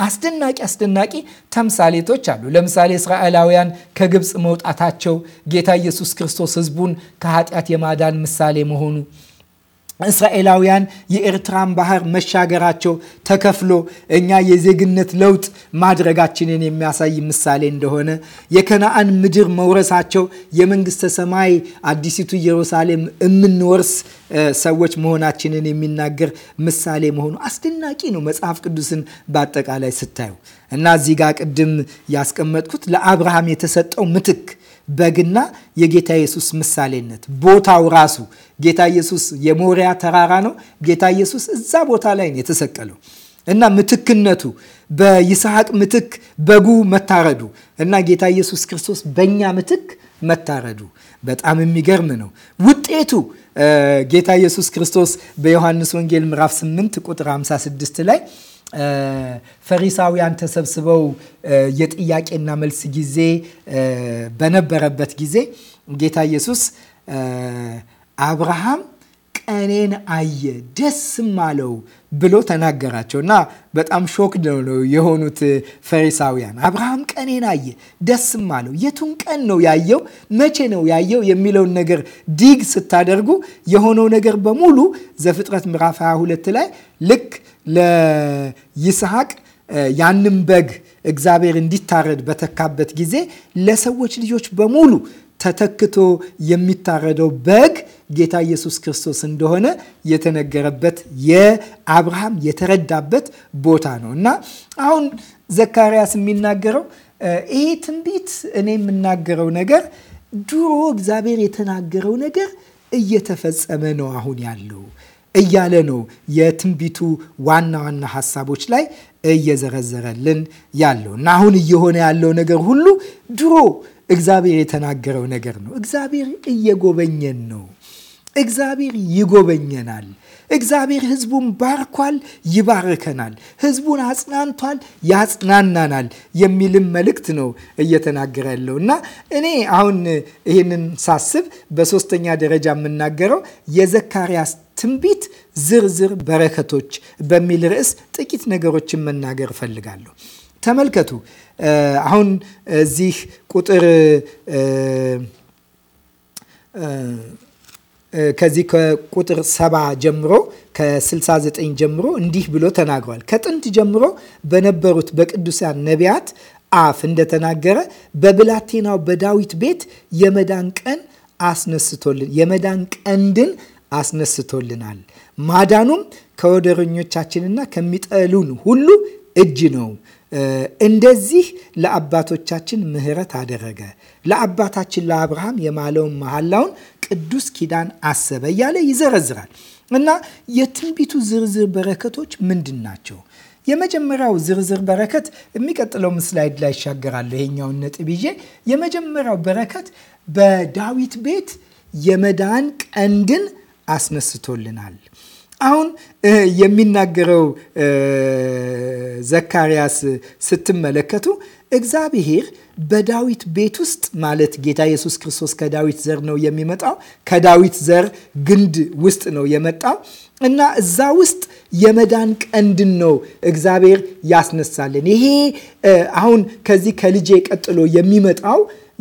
አስደናቂ አስደናቂ ተምሳሌቶች አሉ። ለምሳሌ እስራኤላውያን ከግብፅ መውጣታቸው፣ ጌታ ኢየሱስ ክርስቶስ ሕዝቡን ከኃጢአት የማዳን ምሳሌ መሆኑ እስራኤላውያን የኤርትራን ባህር መሻገራቸው ተከፍሎ እኛ የዜግነት ለውጥ ማድረጋችንን የሚያሳይ ምሳሌ እንደሆነ የከነአን ምድር መውረሳቸው የመንግስተ ሰማይ አዲሲቱ ኢየሩሳሌም የምንወርስ ሰዎች መሆናችንን የሚናገር ምሳሌ መሆኑ አስደናቂ ነው። መጽሐፍ ቅዱስን በአጠቃላይ ስታዩ እና እዚህ ጋር ቅድም ያስቀመጥኩት ለአብርሃም የተሰጠው ምትክ በግና የጌታ ኢየሱስ ምሳሌነት ቦታው ራሱ ጌታ ኢየሱስ የሞሪያ ተራራ ነው። ጌታ ኢየሱስ እዛ ቦታ ላይ ነው የተሰቀለው እና ምትክነቱ በይስሐቅ ምትክ በጉ መታረዱ እና ጌታ ኢየሱስ ክርስቶስ በእኛ ምትክ መታረዱ በጣም የሚገርም ነው። ውጤቱ ጌታ ኢየሱስ ክርስቶስ በዮሐንስ ወንጌል ምዕራፍ 8 ቁጥር 56 ላይ ፈሪሳውያን ተሰብስበው የጥያቄና መልስ ጊዜ በነበረበት ጊዜ ጌታ ኢየሱስ አብርሃም ቀኔን አየ ደስም አለው ብሎ ተናገራቸው እና በጣም ሾክ ነው የሆኑት ፈሪሳውያን። አብርሃም ቀኔን አየ ደስም አለው። የቱን ቀን ነው ያየው? መቼ ነው ያየው? የሚለውን ነገር ዲግ ስታደርጉ የሆነው ነገር በሙሉ ዘፍጥረት ምዕራፍ 22 ላይ ልክ ለይስሐቅ ያንም በግ እግዚአብሔር እንዲታረድ በተካበት ጊዜ ለሰዎች ልጆች በሙሉ ተተክቶ የሚታረደው በግ ጌታ ኢየሱስ ክርስቶስ እንደሆነ የተነገረበት የአብርሃም የተረዳበት ቦታ ነው እና አሁን ዘካርያስ የሚናገረው ይሄ ትንቢት እኔ የምናገረው ነገር ድሮ እግዚአብሔር የተናገረው ነገር እየተፈጸመ ነው አሁን ያለው እያለ ነው የትንቢቱ ዋና ዋና ሀሳቦች ላይ እየዘረዘረልን ያለው እና አሁን እየሆነ ያለው ነገር ሁሉ ድሮ እግዚአብሔር የተናገረው ነገር ነው። እግዚአብሔር እየጎበኘን ነው። እግዚአብሔር ይጎበኘናል። እግዚአብሔር ሕዝቡን ባርኳል፣ ይባርከናል። ሕዝቡን አጽናንቷል፣ ያጽናናናል የሚልም መልእክት ነው እየተናገረ ያለው እና እኔ አሁን ይህንን ሳስብ በሶስተኛ ደረጃ የምናገረው የዘካርያስ ትንቢት ዝርዝር በረከቶች በሚል ርዕስ ጥቂት ነገሮችን መናገር እፈልጋለሁ። ተመልከቱ አሁን እዚህ ቁጥር ከዚህ ከቁጥር ሰባ ጀምሮ ከ69 ጀምሮ እንዲህ ብሎ ተናግሯል። ከጥንት ጀምሮ በነበሩት በቅዱሳን ነቢያት አፍ እንደተናገረ በብላቴናው በዳዊት ቤት የመዳን ቀን አስነስቶልን የመዳን ቀንድን አስነስቶልናል። ማዳኑም ከወደረኞቻችንና ከሚጠሉን ሁሉ እጅ ነው። እንደዚህ ለአባቶቻችን ምሕረት አደረገ። ለአባታችን ለአብርሃም የማለውን መሐላውን ቅዱስ ኪዳን አሰበ እያለ ይዘረዝራል እና የትንቢቱ ዝርዝር በረከቶች ምንድን ናቸው? የመጀመሪያው ዝርዝር በረከት የሚቀጥለው ስላይድ ላይ ይሻገራሉ። ይሄኛውን ነጥብ ይዤ የመጀመሪያው በረከት በዳዊት ቤት የመዳን ቀንድን አስነስቶልናል። አሁን የሚናገረው ዘካርያስ ስትመለከቱ እግዚአብሔር በዳዊት ቤት ውስጥ ማለት ጌታ ኢየሱስ ክርስቶስ ከዳዊት ዘር ነው የሚመጣው። ከዳዊት ዘር ግንድ ውስጥ ነው የመጣው እና እዛ ውስጥ የመዳን ቀንድን ነው እግዚአብሔር ያስነሳልን። ይሄ አሁን ከዚህ ከልጄ ቀጥሎ የሚመጣው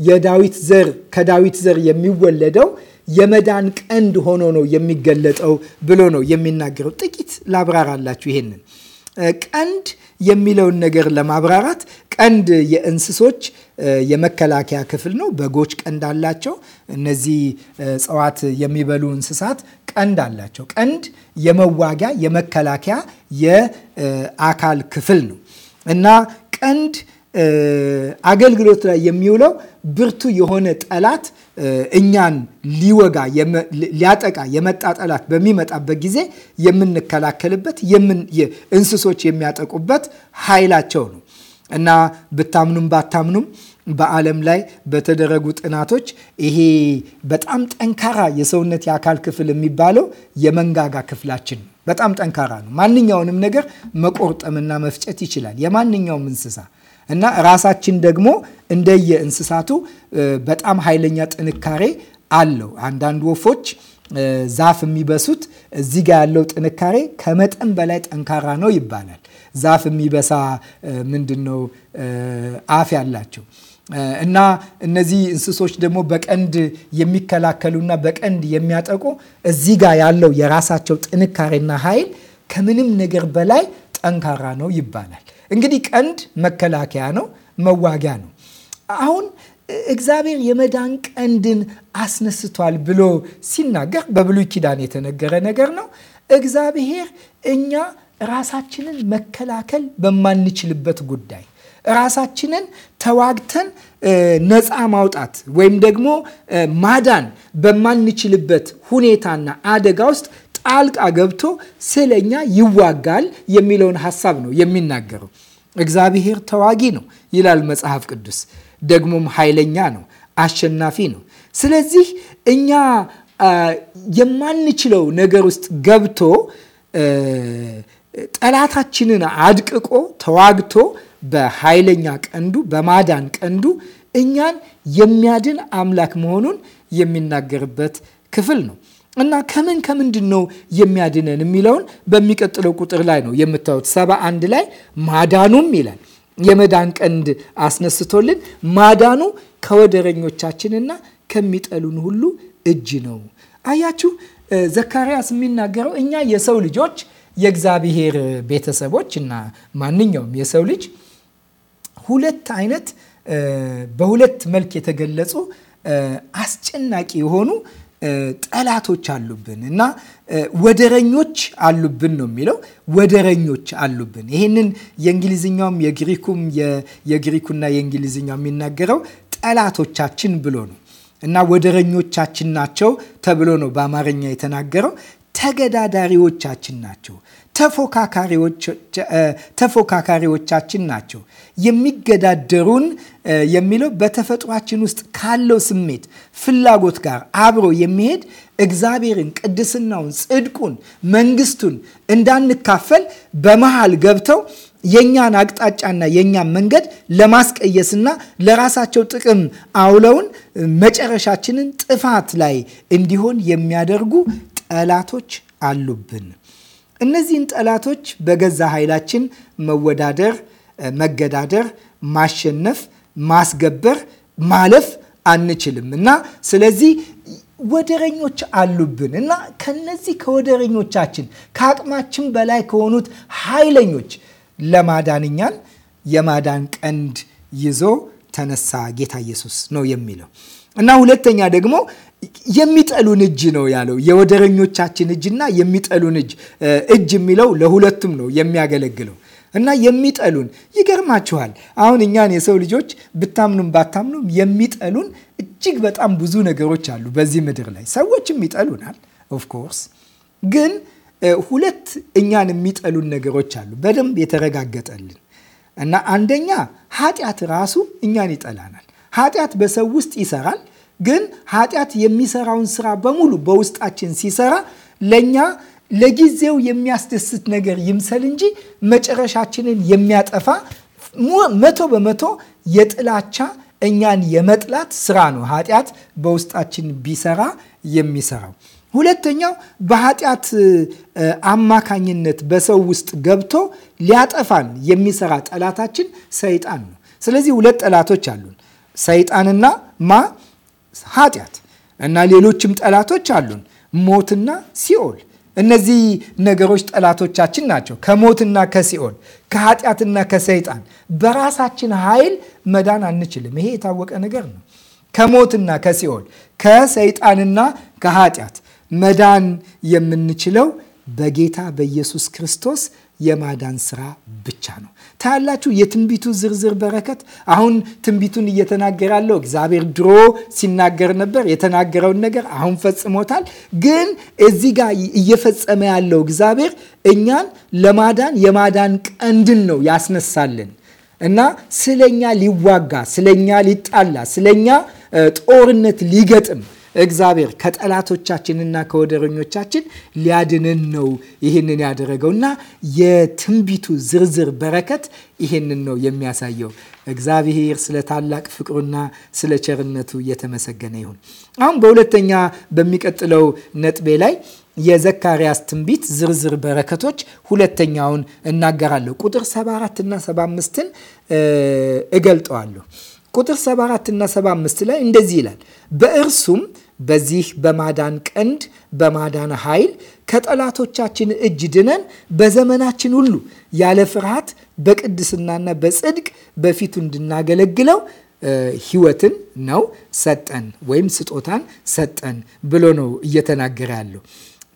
የዳዊት ዘር ከዳዊት ዘር የሚወለደው የመዳን ቀንድ ሆኖ ነው የሚገለጠው ብሎ ነው የሚናገረው። ጥቂት ላብራራላችሁ ይሄንን ቀንድ የሚለውን ነገር ለማብራራት ቀንድ የእንስሶች የመከላከያ ክፍል ነው። በጎች ቀንድ አላቸው። እነዚህ እጽዋት የሚበሉ እንስሳት ቀንድ አላቸው። ቀንድ የመዋጊያ የመከላከያ የአካል ክፍል ነው እና ቀንድ አገልግሎት ላይ የሚውለው ብርቱ የሆነ ጠላት እኛን ሊወጋ ሊያጠቃ የመጣ ጠላት በሚመጣበት ጊዜ የምንከላከልበት እንስሶች የሚያጠቁበት ኃይላቸው ነው እና ብታምኑም ባታምኑም በዓለም ላይ በተደረጉ ጥናቶች ይሄ በጣም ጠንካራ የሰውነት የአካል ክፍል የሚባለው የመንጋጋ ክፍላችን በጣም ጠንካራ ነው። ማንኛውንም ነገር መቆርጠምና መፍጨት ይችላል። የማንኛውም እንስሳ እና ራሳችን ደግሞ እንደየ እንስሳቱ በጣም ኃይለኛ ጥንካሬ አለው። አንዳንድ ወፎች ዛፍ የሚበሱት እዚህ ጋር ያለው ጥንካሬ ከመጠን በላይ ጠንካራ ነው ይባላል። ዛፍ የሚበሳ ምንድን ነው አፍ ያላቸው እና እነዚህ እንስሶች ደግሞ በቀንድ የሚከላከሉና በቀንድ የሚያጠቁ እዚህ ጋ ያለው የራሳቸው ጥንካሬና ኃይል ከምንም ነገር በላይ ጠንካራ ነው ይባላል። እንግዲህ ቀንድ መከላከያ ነው፣ መዋጊያ ነው። አሁን እግዚአብሔር የመዳን ቀንድን አስነስቷል ብሎ ሲናገር በብሉይ ኪዳን የተነገረ ነገር ነው። እግዚአብሔር እኛ ራሳችንን መከላከል በማንችልበት ጉዳይ ራሳችንን ተዋግተን ነፃ ማውጣት ወይም ደግሞ ማዳን በማንችልበት ሁኔታና አደጋ ውስጥ ጣልቃ ገብቶ ስለኛ ይዋጋል የሚለውን ሀሳብ ነው የሚናገረው። እግዚአብሔር ተዋጊ ነው ይላል መጽሐፍ ቅዱስ። ደግሞም ኃይለኛ ነው፣ አሸናፊ ነው። ስለዚህ እኛ የማንችለው ነገር ውስጥ ገብቶ ጠላታችንን አድቅቆ ተዋግቶ በኃይለኛ ቀንዱ በማዳን ቀንዱ እኛን የሚያድን አምላክ መሆኑን የሚናገርበት ክፍል ነው። እና ከምን ከምንድን ነው የሚያድነን የሚለውን በሚቀጥለው ቁጥር ላይ ነው የምታዩት። ሰባ አንድ ላይ ማዳኑም ይላል የመዳን ቀንድ አስነስቶልን ማዳኑ ከወደረኞቻችንና ከሚጠሉን ሁሉ እጅ ነው። አያችሁ፣ ዘካርያስ የሚናገረው እኛ የሰው ልጆች የእግዚአብሔር ቤተሰቦች እና ማንኛውም የሰው ልጅ ሁለት አይነት በሁለት መልክ የተገለጹ አስጨናቂ የሆኑ ጠላቶች አሉብን እና ወደረኞች አሉብን ነው የሚለው። ወደረኞች አሉብን። ይህንን የእንግሊዝኛውም የግሪኩም የግሪኩና የእንግሊዝኛው የሚናገረው ጠላቶቻችን ብሎ ነው እና ወደረኞቻችን ናቸው ተብሎ ነው በአማርኛ የተናገረው። ተገዳዳሪዎቻችን ናቸው። ተፎካካሪዎቻችን ናቸው። የሚገዳደሩን የሚለው በተፈጥሯችን ውስጥ ካለው ስሜት፣ ፍላጎት ጋር አብሮ የሚሄድ እግዚአብሔርን፣ ቅድስናውን፣ ጽድቁን፣ መንግስቱን እንዳንካፈል በመሃል ገብተው የእኛን አቅጣጫና የእኛን መንገድ ለማስቀየስና ለራሳቸው ጥቅም አውለውን መጨረሻችንን ጥፋት ላይ እንዲሆን የሚያደርጉ ጠላቶች አሉብን። እነዚህን ጠላቶች በገዛ ኃይላችን መወዳደር፣ መገዳደር፣ ማሸነፍ፣ ማስገበር፣ ማለፍ አንችልም እና ስለዚህ ወደረኞች አሉብን እና ከነዚህ ከወደረኞቻችን ከአቅማችን በላይ ከሆኑት ኃይለኞች ለማዳን እኛን የማዳን ቀንድ ይዞ ተነሳ ጌታ ኢየሱስ ነው የሚለው እና ሁለተኛ ደግሞ የሚጠሉን እጅ ነው ያለው። የወደረኞቻችን እጅና የሚጠሉን እጅ እጅ የሚለው ለሁለቱም ነው የሚያገለግለው እና የሚጠሉን ይገርማችኋል። አሁን እኛን የሰው ልጆች ብታምኑም ባታምኑም የሚጠሉን እጅግ በጣም ብዙ ነገሮች አሉ በዚህ ምድር ላይ ሰዎችም ይጠሉናል። ኦፍኮርስ ግን ሁለት እኛን የሚጠሉን ነገሮች አሉ በደንብ የተረጋገጠልን እና አንደኛ ኃጢአት ራሱ እኛን ይጠላናል። ኃጢአት በሰው ውስጥ ይሰራል። ግን ኃጢአት የሚሰራውን ስራ በሙሉ በውስጣችን ሲሰራ ለእኛ ለጊዜው የሚያስደስት ነገር ይምሰል እንጂ መጨረሻችንን የሚያጠፋ መቶ በመቶ የጥላቻ እኛን የመጥላት ስራ ነው ኃጢአት በውስጣችን ቢሰራ የሚሰራው። ሁለተኛው በኃጢአት አማካኝነት በሰው ውስጥ ገብቶ ሊያጠፋን የሚሰራ ጠላታችን ሰይጣን ነው። ስለዚህ ሁለት ጠላቶች አሉን፣ ሰይጣንና ማ ኃጢአት እና ሌሎችም ጠላቶች አሉን። ሞትና ሲኦል እነዚህ ነገሮች ጠላቶቻችን ናቸው። ከሞትና ከሲኦል ከኃጢአትና ከሰይጣን በራሳችን ኃይል መዳን አንችልም። ይሄ የታወቀ ነገር ነው። ከሞትና ከሲኦል ከሰይጣንና ከኃጢአት መዳን የምንችለው በጌታ በኢየሱስ ክርስቶስ የማዳን ስራ ብቻ ነው። ታያላችሁ፣ የትንቢቱ ዝርዝር በረከት። አሁን ትንቢቱን እየተናገረ ያለው እግዚአብሔር ድሮ ሲናገር ነበር። የተናገረውን ነገር አሁን ፈጽሞታል። ግን እዚህ ጋር እየፈጸመ ያለው እግዚአብሔር እኛን ለማዳን የማዳን ቀንድን ነው ያስነሳልን እና ስለኛ ሊዋጋ ስለኛ ሊጣላ ስለኛ ጦርነት ሊገጥም እግዚአብሔር ከጠላቶቻችንና ከወደረኞቻችን ሊያድንን ነው ይህንን ያደረገው እና የትንቢቱ ዝርዝር በረከት ይህንን ነው የሚያሳየው። እግዚአብሔር ስለ ታላቅ ፍቅሩና ስለ ቸርነቱ የተመሰገነ ይሁን። አሁን በሁለተኛ በሚቀጥለው ነጥቤ ላይ የዘካርያስ ትንቢት ዝርዝር በረከቶች ሁለተኛውን እናገራለሁ። ቁጥር 74 እና 75ን እገልጠዋለሁ። ቁጥር 74 እና 75 ላይ እንደዚህ ይላል። በእርሱም በዚህ በማዳን ቀንድ በማዳን ኃይል ከጠላቶቻችን እጅ ድነን በዘመናችን ሁሉ ያለ ፍርሃት በቅድስናና በጽድቅ በፊቱ እንድናገለግለው ህይወትን ነው ሰጠን ወይም ስጦታን ሰጠን ብሎ ነው እየተናገረ ያለው።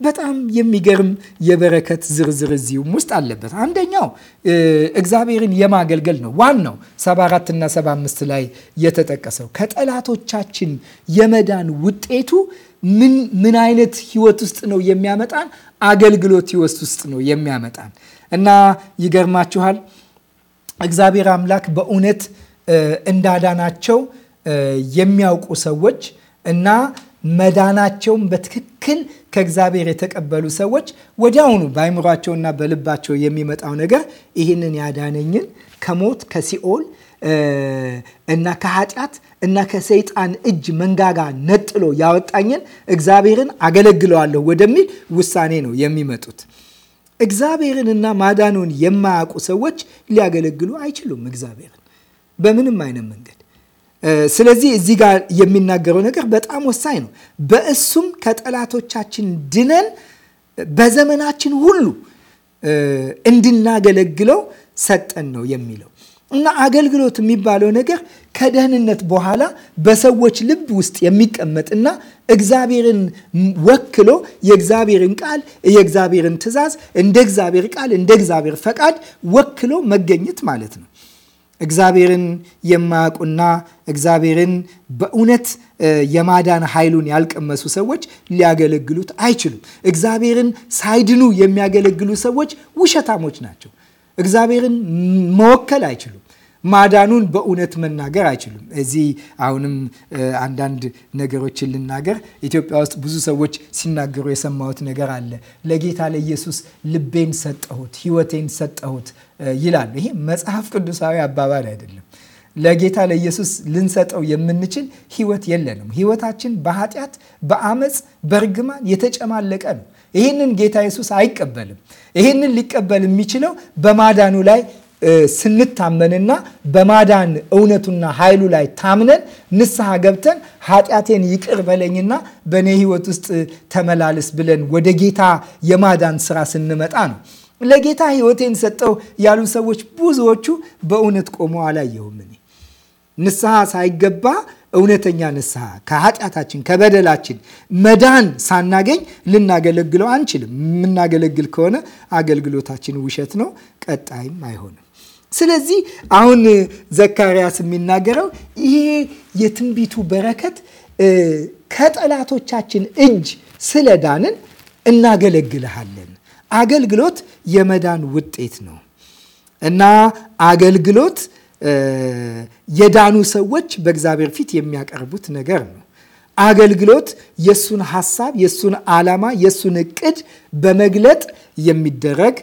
በጣም የሚገርም የበረከት ዝርዝር እዚሁም ውስጥ አለበት። አንደኛው እግዚአብሔርን የማገልገል ነው። ዋናው 74 እና 75 ላይ የተጠቀሰው ከጠላቶቻችን የመዳን ውጤቱ ምን ምን አይነት ህይወት ውስጥ ነው የሚያመጣን? አገልግሎት ህይወት ውስጥ ነው የሚያመጣን እና ይገርማችኋል እግዚአብሔር አምላክ በእውነት እንዳዳናቸው የሚያውቁ ሰዎች እና መዳናቸውን በትክክል ከእግዚአብሔር የተቀበሉ ሰዎች ወዲያውኑ በአይምሯቸውና በልባቸው የሚመጣው ነገር ይህንን ያዳነኝን ከሞት ከሲኦል እና ከኃጢአት እና ከሰይጣን እጅ መንጋጋ ነጥሎ ያወጣኝን እግዚአብሔርን አገለግለዋለሁ ወደሚል ውሳኔ ነው የሚመጡት። እግዚአብሔርንና ማዳኑን የማያውቁ ሰዎች ሊያገለግሉ አይችሉም። እግዚአብሔርን በምንም አይነት መንገድ ስለዚህ እዚህ ጋር የሚናገረው ነገር በጣም ወሳኝ ነው። በእሱም ከጠላቶቻችን ድነን በዘመናችን ሁሉ እንድናገለግለው ሰጠን ነው የሚለው እና አገልግሎት የሚባለው ነገር ከደህንነት በኋላ በሰዎች ልብ ውስጥ የሚቀመጥና እግዚአብሔርን ወክሎ የእግዚአብሔርን ቃል የእግዚአብሔርን ትእዛዝ እንደ እግዚአብሔር ቃል እንደ እግዚአብሔር ፈቃድ ወክሎ መገኘት ማለት ነው። እግዚአብሔርን የማያውቁና እግዚአብሔርን በእውነት የማዳን ኃይሉን ያልቀመሱ ሰዎች ሊያገለግሉት አይችሉም። እግዚአብሔርን ሳይድኑ የሚያገለግሉ ሰዎች ውሸታሞች ናቸው። እግዚአብሔርን መወከል አይችሉም። ማዳኑን በእውነት መናገር አይችሉም። እዚህ አሁንም አንዳንድ ነገሮችን ልናገር። ኢትዮጵያ ውስጥ ብዙ ሰዎች ሲናገሩ የሰማሁት ነገር አለ። ለጌታ ለኢየሱስ ልቤን ሰጠሁት፣ ሕይወቴን ሰጠሁት ይላሉ። ይሄ መጽሐፍ ቅዱሳዊ አባባል አይደለም። ለጌታ ለኢየሱስ ልንሰጠው የምንችል ህይወት የለንም። ህይወታችን በኃጢአት፣ በአመፅ፣ በርግማን የተጨማለቀ ነው። ይህንን ጌታ ኢየሱስ አይቀበልም። ይህንን ሊቀበል የሚችለው በማዳኑ ላይ ስንታመንና በማዳን እውነቱና ኃይሉ ላይ ታምነን ንስሐ ገብተን ኃጢአቴን ይቅር በለኝና በእኔ ህይወት ውስጥ ተመላለስ ብለን ወደ ጌታ የማዳን ስራ ስንመጣ ነው። ለጌታ ሕይወቴን ሰጠው ያሉ ሰዎች ብዙዎቹ በእውነት ቆሞ አላየሁም። እኔ ንስሐ ሳይገባ እውነተኛ ንስሐ ከኃጢአታችን ከበደላችን መዳን ሳናገኝ ልናገለግለው አንችልም። የምናገለግል ከሆነ አገልግሎታችን ውሸት ነው፣ ቀጣይም አይሆንም። ስለዚህ አሁን ዘካርያስ የሚናገረው ይሄ የትንቢቱ በረከት ከጠላቶቻችን እጅ ስለዳንን እናገለግልሃለን አገልግሎት የመዳን ውጤት ነው እና አገልግሎት የዳኑ ሰዎች በእግዚአብሔር ፊት የሚያቀርቡት ነገር ነው። አገልግሎት የሱን ሀሳብ፣ የሱን ዓላማ፣ የሱን እቅድ በመግለጥ የሚደረግ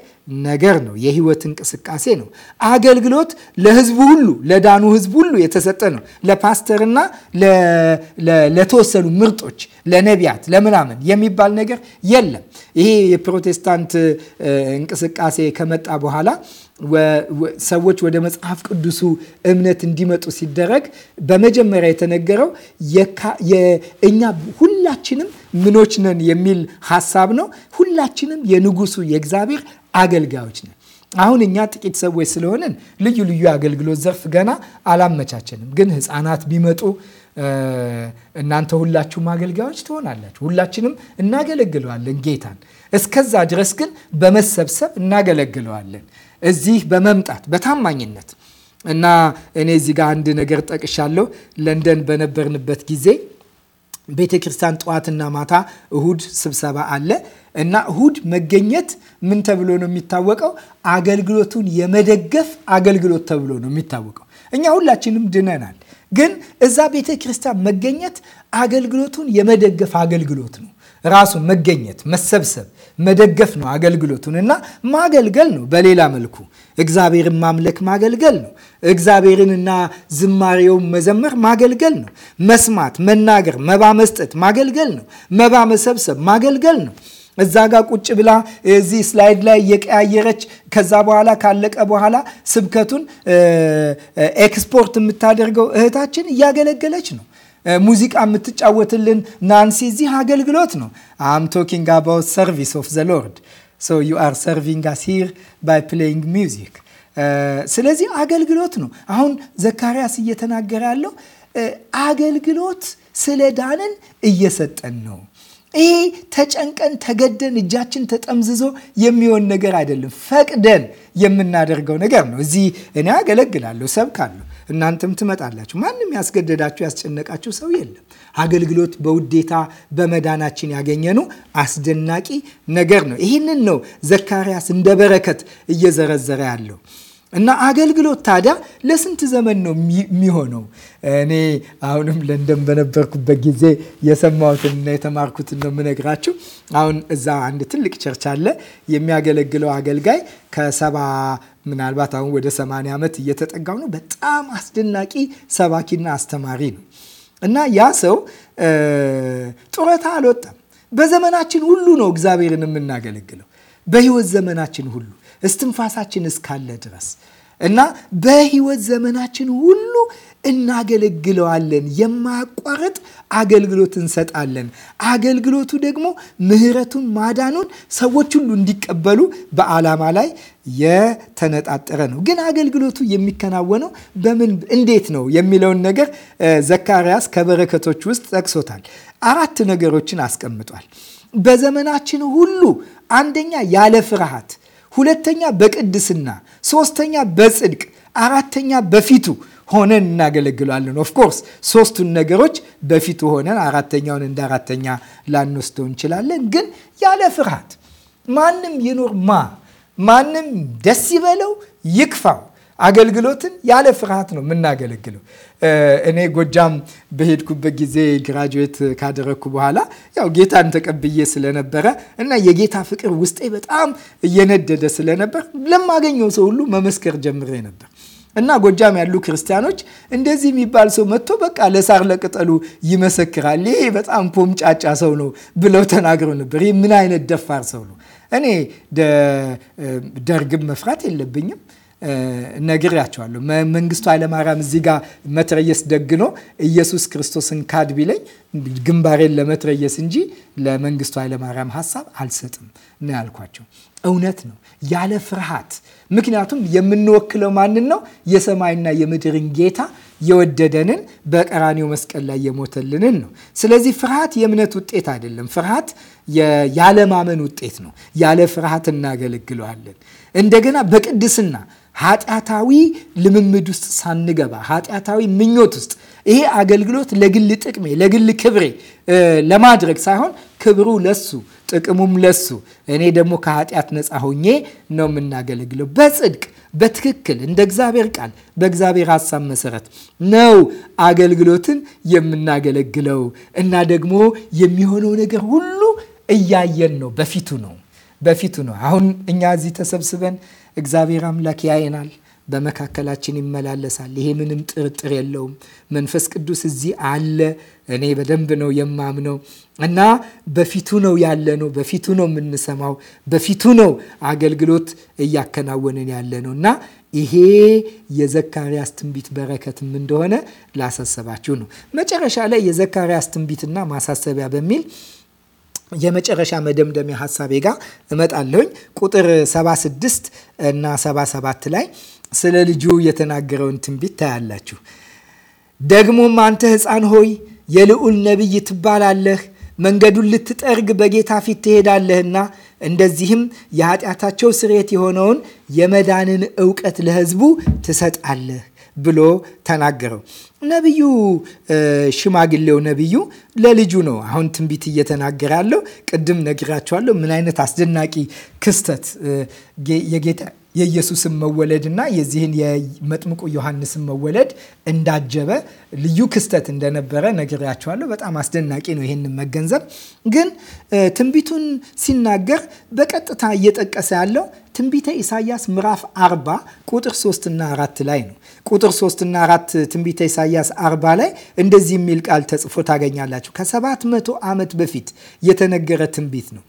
ነገር ነው። የህይወት እንቅስቃሴ ነው። አገልግሎት ለህዝቡ ሁሉ ለዳኑ ህዝብ ሁሉ የተሰጠ ነው። ለፓስተርና ለተወሰኑ ምርጦች፣ ለነቢያት፣ ለምናምን የሚባል ነገር የለም። ይሄ የፕሮቴስታንት እንቅስቃሴ ከመጣ በኋላ ሰዎች ወደ መጽሐፍ ቅዱሱ እምነት እንዲመጡ ሲደረግ በመጀመሪያ የተነገረው እኛ ሁላችንም ምኖች ነን የሚል ሀሳብ ነው። ሁላችንም የንጉሱ የእግዚአብሔር አገልጋዮች ነን። አሁን እኛ ጥቂት ሰዎች ስለሆንን ልዩ ልዩ አገልግሎት ዘርፍ ገና አላመቻቸንም። ግን ህፃናት ቢመጡ እናንተ ሁላችሁም አገልጋዮች ትሆናላችሁ። ሁላችንም እናገለግለዋለን ጌታን። እስከዛ ድረስ ግን በመሰብሰብ እናገለግለዋለን እዚህ በመምጣት በታማኝነት እና እኔ እዚህ ጋር አንድ ነገር ጠቅሻለሁ። ለንደን በነበርንበት ጊዜ ቤተ ክርስቲያን ጠዋትና ማታ እሁድ ስብሰባ አለ እና እሁድ መገኘት ምን ተብሎ ነው የሚታወቀው? አገልግሎቱን የመደገፍ አገልግሎት ተብሎ ነው የሚታወቀው። እኛ ሁላችንም ድነናል፣ ግን እዛ ቤተ ክርስቲያን መገኘት አገልግሎቱን የመደገፍ አገልግሎት ነው። ራሱ መገኘት መሰብሰብ መደገፍ ነው አገልግሎቱን እና ማገልገል ነው። በሌላ መልኩ እግዚአብሔርን ማምለክ ማገልገል ነው። እግዚአብሔርንና ዝማሬውን መዘመር ማገልገል ነው። መስማት፣ መናገር፣ መባ መስጠት ማገልገል ነው። መባ መሰብሰብ ማገልገል ነው። እዛ ጋር ቁጭ ብላ እዚህ ስላይድ ላይ እየቀያየረች ከዛ በኋላ ካለቀ በኋላ ስብከቱን ኤክስፖርት የምታደርገው እህታችን እያገለገለች ነው። ሙዚቃ የምትጫወትልን ናንሲ እዚህ አገልግሎት ነው። አም ቶኪንግ አባውት ሰርቪስ ኦፍ ዘ ሎርድ ሶ ዩ አር ሰርቪንግ አስ ሂር ባይ ፕሌይንግ ሚውዚክ። ስለዚህ አገልግሎት ነው። አሁን ዘካርያስ እየተናገረ ያለው አገልግሎት ስለ ዳንን እየሰጠን ነው። ይሄ ተጨንቀን ተገደን እጃችን ተጠምዝዞ የሚሆን ነገር አይደለም። ፈቅደን የምናደርገው ነገር ነው። እዚህ እኔ አገለግላለሁ፣ ሰብካለሁ እናንተም ትመጣላችሁ። ማንም ያስገደዳችሁ ያስጨነቃችሁ ሰው የለም። አገልግሎት በውዴታ በመዳናችን ያገኘነው አስደናቂ ነገር ነው። ይህንን ነው ዘካርያስ እንደ በረከት እየዘረዘረ ያለው። እና አገልግሎት ታዲያ ለስንት ዘመን ነው የሚሆነው? እኔ አሁንም ለንደን በነበርኩበት ጊዜ የሰማሁትንና የተማርኩትን ነው የምነግራችሁ። አሁን እዛ አንድ ትልቅ ቸርች አለ። የሚያገለግለው አገልጋይ ከሰባ ምናልባት አሁን ወደ ሰማንያ ዓመት እየተጠጋው ነው። በጣም አስደናቂ ሰባኪና አስተማሪ ነው። እና ያ ሰው ጡረታ አልወጣም። በዘመናችን ሁሉ ነው እግዚአብሔርን የምናገለግለው በህይወት ዘመናችን ሁሉ እስትንፋሳችን እስካለ ድረስ እና በህይወት ዘመናችን ሁሉ እናገለግለዋለን። የማያቋረጥ አገልግሎት እንሰጣለን። አገልግሎቱ ደግሞ ምሕረቱን፣ ማዳኑን ሰዎች ሁሉ እንዲቀበሉ በዓላማ ላይ የተነጣጠረ ነው። ግን አገልግሎቱ የሚከናወነው በምን እንዴት ነው የሚለውን ነገር ዘካርያስ ከበረከቶች ውስጥ ጠቅሶታል። አራት ነገሮችን አስቀምጧል። በዘመናችን ሁሉ አንደኛ ያለ ፍርሃት ሁለተኛ በቅድስና፣ ሶስተኛ በጽድቅ፣ አራተኛ በፊቱ ሆነን እናገለግሏለን። ኦፍኮርስ ሶስቱን ነገሮች በፊቱ ሆነን አራተኛውን እንደ አራተኛ ላንወስደው እንችላለን። ግን ያለ ፍርሃት ማንም ይኑር ማ ማንም ደስ ይበለው ይክፋው አገልግሎትን ያለ ፍርሃት ነው የምናገለግለው። እኔ ጎጃም በሄድኩበት ጊዜ ግራጁዌት ካደረግኩ በኋላ ያው ጌታን ተቀብዬ ስለነበረ እና የጌታ ፍቅር ውስጤ በጣም እየነደደ ስለነበር ለማገኘው ሰው ሁሉ መመስከር ጀምሬ ነበር እና ጎጃም ያሉ ክርስቲያኖች እንደዚህ የሚባል ሰው መጥቶ በቃ ለሳር ለቅጠሉ ይመሰክራል፣ ይሄ በጣም ጫጫ ሰው ነው ብለው ተናግረው ነበር። ይህ ምን አይነት ደፋር ሰው ነው? እኔ ደርግም መፍራት የለብኝም ነግሬያቸዋለሁ። መንግስቱ ኃይለማርያም እዚህ ጋር መትረየስ ደግኖ ኢየሱስ ክርስቶስን ካድ ቢለኝ ግንባሬን ለመትረየስ እንጂ ለመንግስቱ ኃይለማርያም ሀሳብ አልሰጥም ነው ያልኳቸው። እውነት ነው፣ ያለ ፍርሃት። ምክንያቱም የምንወክለው ማንን ነው? የሰማይና የምድርን ጌታ የወደደንን በቀራኒው መስቀል ላይ የሞተልንን ነው። ስለዚህ ፍርሃት የእምነት ውጤት አይደለም። ፍርሃት ያለማመን ውጤት ነው። ያለ ፍርሃት እናገለግለዋለን። እንደገና በቅድስና ኃጢአታዊ ልምምድ ውስጥ ሳንገባ ኃጢአታዊ ምኞት ውስጥ ይሄ አገልግሎት ለግል ጥቅሜ ለግል ክብሬ ለማድረግ ሳይሆን ክብሩ ለሱ ጥቅሙም ለሱ እኔ ደግሞ ከኃጢአት ነፃ ሆኜ ነው የምናገለግለው በጽድቅ በትክክል እንደ እግዚአብሔር ቃል በእግዚአብሔር ሀሳብ መሰረት ነው አገልግሎትን የምናገለግለው እና ደግሞ የሚሆነው ነገር ሁሉ እያየን ነው በፊቱ ነው በፊቱ ነው አሁን እኛ እዚህ ተሰብስበን እግዚአብሔር አምላክ ያየናል፣ በመካከላችን ይመላለሳል። ይሄ ምንም ጥርጥር የለውም። መንፈስ ቅዱስ እዚህ አለ። እኔ በደንብ ነው የማምነው እና በፊቱ ነው ያለ ነው፣ በፊቱ ነው የምንሰማው፣ በፊቱ ነው አገልግሎት እያከናወንን ያለ ነው እና ይሄ የዘካርያስ ትንቢት በረከትም እንደሆነ ላሳሰባችሁ ነው። መጨረሻ ላይ የዘካርያስ ትንቢትና ማሳሰቢያ በሚል የመጨረሻ መደምደሚያ ሀሳቤ ጋር እመጣለሁኝ። ቁጥር 76 እና 77 ላይ ስለ ልጁ የተናገረውን ትንቢት ታያላችሁ። ደግሞም አንተ ሕፃን ሆይ የልዑል ነቢይ ትባላለህ፣ መንገዱን ልትጠርግ በጌታ ፊት ትሄዳለህና እንደዚህም የኃጢአታቸው ስርየት የሆነውን የመዳንን እውቀት ለሕዝቡ ትሰጣለህ ብሎ ተናገረው። ነቢዩ ሽማግሌው ነቢዩ ለልጁ ነው አሁን ትንቢት ያለው ቅድም ነግራቸዋለሁ ምን አይነት አስደናቂ ክስተት የጌታ የኢየሱስን መወለድና የዚህን የመጥምቁ ዮሐንስን መወለድ እንዳጀበ ልዩ ክስተት እንደነበረ ነግሬያቸዋለሁ። በጣም አስደናቂ ነው ይህንን መገንዘብ። ግን ትንቢቱን ሲናገር በቀጥታ እየጠቀሰ ያለው ትንቢተ ኢሳያስ ምዕራፍ 40 ቁጥር 3 እና 4 ላይ ነው። ቁጥር 3 እና 4 ትንቢተ ኢሳያስ 40 ላይ እንደዚህ የሚል ቃል ተጽፎ ታገኛላችሁ። ከሰባት መቶ ዓመት በፊት የተነገረ ትንቢት ነው።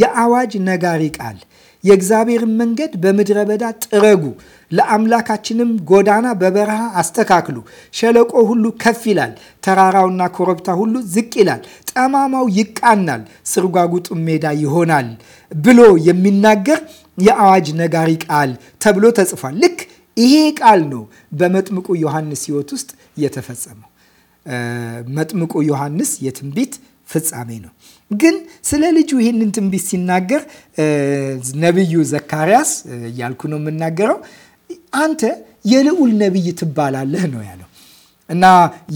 የአዋጅ ነጋሪ ቃል የእግዚአብሔርን መንገድ በምድረ በዳ ጥረጉ፣ ለአምላካችንም ጎዳና በበረሃ አስተካክሉ። ሸለቆ ሁሉ ከፍ ይላል፣ ተራራውና ኮረብታ ሁሉ ዝቅ ይላል፣ ጠማማው ይቃናል፣ ስርጓጉጡ ሜዳ ይሆናል ብሎ የሚናገር የአዋጅ ነጋሪ ቃል ተብሎ ተጽፏል። ልክ ይሄ ቃል ነው በመጥምቁ ዮሐንስ ሕይወት ውስጥ የተፈጸመው። መጥምቁ ዮሐንስ የትንቢት ፍጻሜ ነው። ግን ስለ ልጁ ይህንን ትንቢት ሲናገር ነቢዩ ዘካርያስ እያልኩ ነው የምናገረው፣ አንተ የልዑል ነቢይ ትባላለህ ነው ያለው እና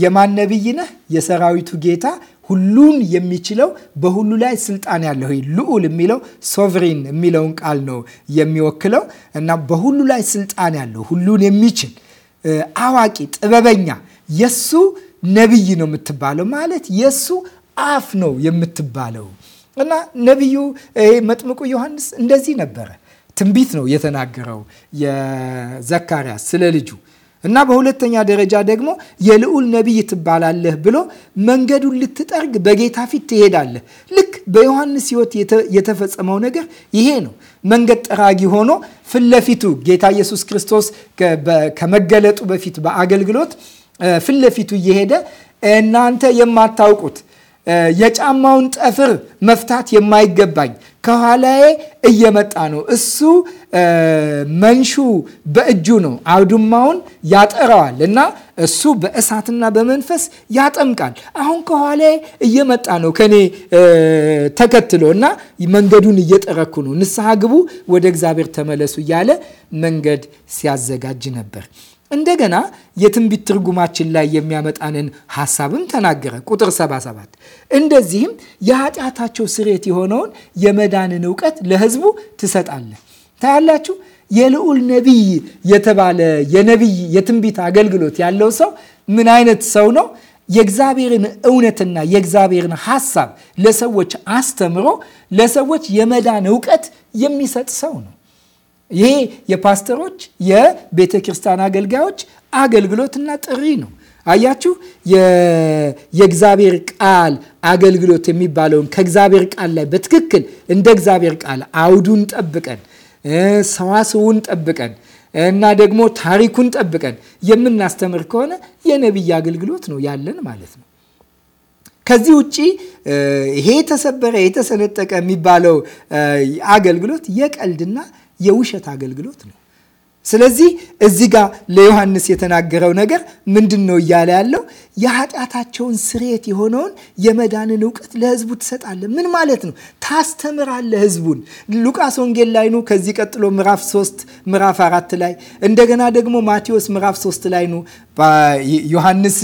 የማን ነቢይ ነህ? የሰራዊቱ ጌታ ሁሉን የሚችለው በሁሉ ላይ ስልጣን ያለው ልዑል የሚለው ሶቨሪን የሚለውን ቃል ነው የሚወክለው እና በሁሉ ላይ ስልጣን ያለው ሁሉን የሚችል አዋቂ፣ ጥበበኛ የሱ ነቢይ ነው የምትባለው ማለት የሱ አፍ ነው የምትባለው እና ነቢዩ ይሄ መጥምቁ ዮሐንስ እንደዚህ ነበረ። ትንቢት ነው የተናገረው የዘካርያስ ስለ ልጁ እና በሁለተኛ ደረጃ ደግሞ የልዑል ነቢይ ትባላለህ ብሎ መንገዱን ልትጠርግ በጌታ ፊት ትሄዳለህ። ልክ በዮሐንስ ሕይወት የተፈጸመው ነገር ይሄ ነው። መንገድ ጠራጊ ሆኖ ፊት ለፊቱ ጌታ ኢየሱስ ክርስቶስ ከመገለጡ በፊት በአገልግሎት ፊት ለፊቱ እየሄደ እናንተ የማታውቁት የጫማውን ጠፍር መፍታት የማይገባኝ ከኋላዬ እየመጣ ነው። እሱ መንሹ በእጁ ነው፣ አውድማውን ያጠረዋል እና እሱ በእሳትና በመንፈስ ያጠምቃል። አሁን ከኋላዬ እየመጣ ነው ከኔ ተከትሎ እና መንገዱን እየጠረኩ ነው። ንስሐ ግቡ፣ ወደ እግዚአብሔር ተመለሱ እያለ መንገድ ሲያዘጋጅ ነበር። እንደገና የትንቢት ትርጉማችን ላይ የሚያመጣንን ሀሳብም ተናገረ። ቁጥር 77 እንደዚህም የኃጢአታቸው ስሬት የሆነውን የመዳንን እውቀት ለሕዝቡ ትሰጣለህ። ታያላችሁ የልዑል ነቢይ የተባለ የነቢይ የትንቢት አገልግሎት ያለው ሰው ምን አይነት ሰው ነው? የእግዚአብሔርን እውነትና የእግዚአብሔርን ሀሳብ ለሰዎች አስተምሮ ለሰዎች የመዳን እውቀት የሚሰጥ ሰው ነው። ይሄ የፓስተሮች የቤተ ክርስቲያን አገልጋዮች አገልግሎትና ጥሪ ነው። አያችሁ፣ የእግዚአብሔር ቃል አገልግሎት የሚባለውን ከእግዚአብሔር ቃል ላይ በትክክል እንደ እግዚአብሔር ቃል አውዱን ጠብቀን ሰዋስውን ጠብቀን እና ደግሞ ታሪኩን ጠብቀን የምናስተምር ከሆነ የነቢይ አገልግሎት ነው ያለን ማለት ነው። ከዚህ ውጭ ይሄ የተሰበረ የተሰነጠቀ የሚባለው አገልግሎት የቀልድና የውሸት አገልግሎት ነው። ስለዚህ እዚህ ጋር ለዮሐንስ የተናገረው ነገር ምንድን ነው እያለ ያለው? የኃጢአታቸውን ስርየት የሆነውን የመዳንን እውቀት ለህዝቡ ትሰጣለህ። ምን ማለት ነው? ታስተምራለህ ህዝቡን ሉቃስ ወንጌል ላይ ከዚህ ቀጥሎ ምዕራፍ 3 ምዕራፍ 4 ላይ እንደገና ደግሞ ማቴዎስ ምዕራፍ 3 ላይ ኑ። ዮሐንስ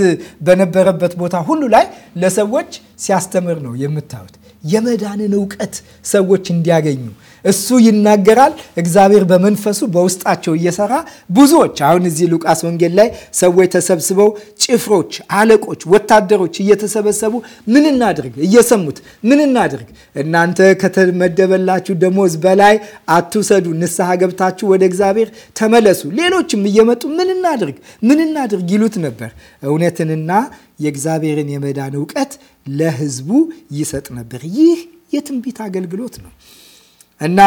በነበረበት ቦታ ሁሉ ላይ ለሰዎች ሲያስተምር ነው የምታዩት። የመዳንን እውቀት ሰዎች እንዲያገኙ እሱ ይናገራል። እግዚአብሔር በመንፈሱ በውስጣቸው እየሰራ ብዙዎች አሁን እዚህ ሉቃስ ወንጌል ላይ ሰዎች ተሰብስበው ጭፍሮች፣ አለቆች፣ ወታደሮች እየተሰበሰቡ ምን እናድርግ እየሰሙት ምን እናድርግ እናንተ ከተመደበላችሁ ደሞዝ በላይ አትውሰዱ፣ ንስሐ ገብታችሁ ወደ እግዚአብሔር ተመለሱ። ሌሎችም እየመጡ ምን እናድርግ ምን እናድርግ ይሉት ነበር እውነትንና የእግዚአብሔርን የመዳን እውቀት ለህዝቡ ይሰጥ ነበር። ይህ የትንቢት አገልግሎት ነው እና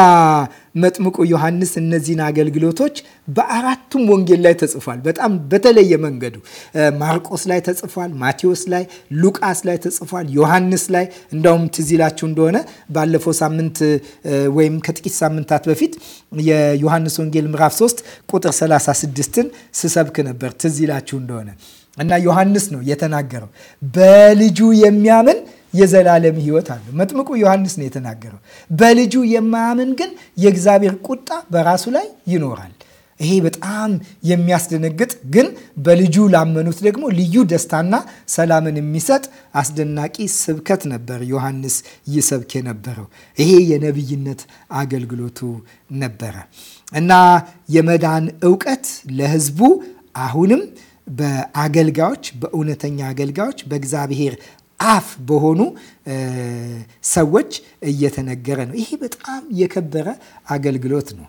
መጥምቁ ዮሐንስ እነዚህን አገልግሎቶች በአራቱም ወንጌል ላይ ተጽፏል። በጣም በተለየ መንገዱ ማርቆስ ላይ ተጽፏል፣ ማቴዎስ ላይ፣ ሉቃስ ላይ ተጽፏል፣ ዮሐንስ ላይ እንዳውም ትዝ ይላችሁ እንደሆነ ባለፈው ሳምንት ወይም ከጥቂት ሳምንታት በፊት የዮሐንስ ወንጌል ምዕራፍ 3 ቁጥር 36ን ስሰብክ ነበር ትዝ ይላችሁ እንደሆነ እና ዮሐንስ ነው የተናገረው። በልጁ የሚያምን የዘላለም ሕይወት አለው። መጥምቁ ዮሐንስ ነው የተናገረው። በልጁ የማያምን ግን የእግዚአብሔር ቁጣ በራሱ ላይ ይኖራል። ይሄ በጣም የሚያስደነግጥ ግን በልጁ ላመኑት ደግሞ ልዩ ደስታና ሰላምን የሚሰጥ አስደናቂ ስብከት ነበር ዮሐንስ ይሰብክ የነበረው። ይሄ የነቢይነት አገልግሎቱ ነበረ እና የመዳን እውቀት ለህዝቡ አሁንም በአገልጋዮች በእውነተኛ አገልጋዮች በእግዚአብሔር አፍ በሆኑ ሰዎች እየተነገረ ነው። ይሄ በጣም የከበረ አገልግሎት ነው።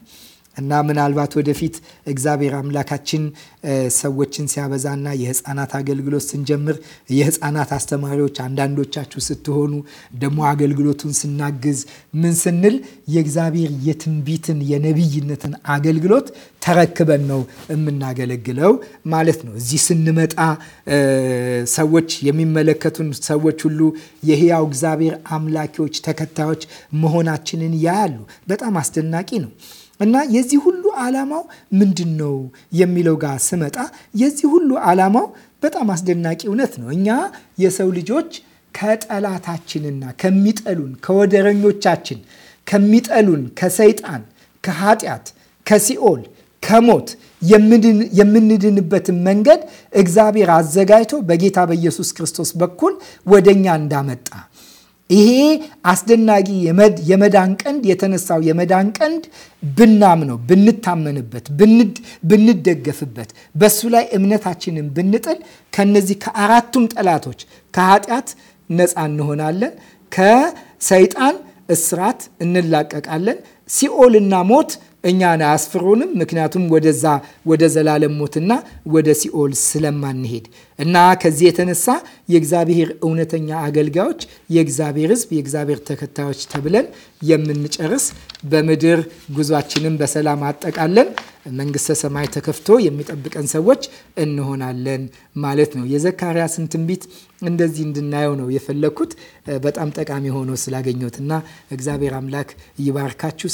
እና ምናልባት ወደፊት እግዚአብሔር አምላካችን ሰዎችን ሲያበዛና የህፃናት አገልግሎት ስንጀምር የህፃናት አስተማሪዎች አንዳንዶቻችሁ ስትሆኑ ደግሞ አገልግሎቱን ስናግዝ ምን ስንል የእግዚአብሔር የትንቢትን የነቢይነትን አገልግሎት ተረክበን ነው የምናገለግለው ማለት ነው። እዚህ ስንመጣ ሰዎች የሚመለከቱን ሰዎች ሁሉ የህያው እግዚአብሔር አምላኪዎች ተከታዮች መሆናችንን ያያሉ። በጣም አስደናቂ ነው። እና የዚህ ሁሉ ዓላማው ምንድን ነው የሚለው ጋር ስመጣ የዚህ ሁሉ ዓላማው በጣም አስደናቂ እውነት ነው። እኛ የሰው ልጆች ከጠላታችንና ከሚጠሉን ከወደረኞቻችን፣ ከሚጠሉን ከሰይጣን፣ ከኃጢአት፣ ከሲኦል፣ ከሞት የምንድንበትን መንገድ እግዚአብሔር አዘጋጅቶ በጌታ በኢየሱስ ክርስቶስ በኩል ወደኛ እንዳመጣ ይሄ አስደናቂ የመዳን ቀንድ የተነሳው የመዳን ቀንድ ብናምነው፣ ብንታመንበት፣ ብንደገፍበት፣ በሱ ላይ እምነታችንን ብንጥል ከነዚህ ከአራቱም ጠላቶች ከኃጢአት ነፃ እንሆናለን። ከሰይጣን እስራት እንላቀቃለን። ሲኦልና ሞት እኛን አያስፍሩንም። ምክንያቱም ወደዛ ወደ ዘላለም ሞትና ወደ ሲኦል ስለማንሄድ እና ከዚህ የተነሳ የእግዚአብሔር እውነተኛ አገልጋዮች፣ የእግዚአብሔር ሕዝብ፣ የእግዚአብሔር ተከታዮች ተብለን የምንጨርስ በምድር ጉዟችንን በሰላም አጠቃለን መንግስተ ሰማይ ተከፍቶ የሚጠብቀን ሰዎች እንሆናለን ማለት ነው። የዘካርያስን ትንቢት እንደዚህ እንድናየው ነው የፈለግኩት። በጣም ጠቃሚ ሆኖ ስላገኘሁት እና እግዚአብሔር አምላክ ይባርካችሁ።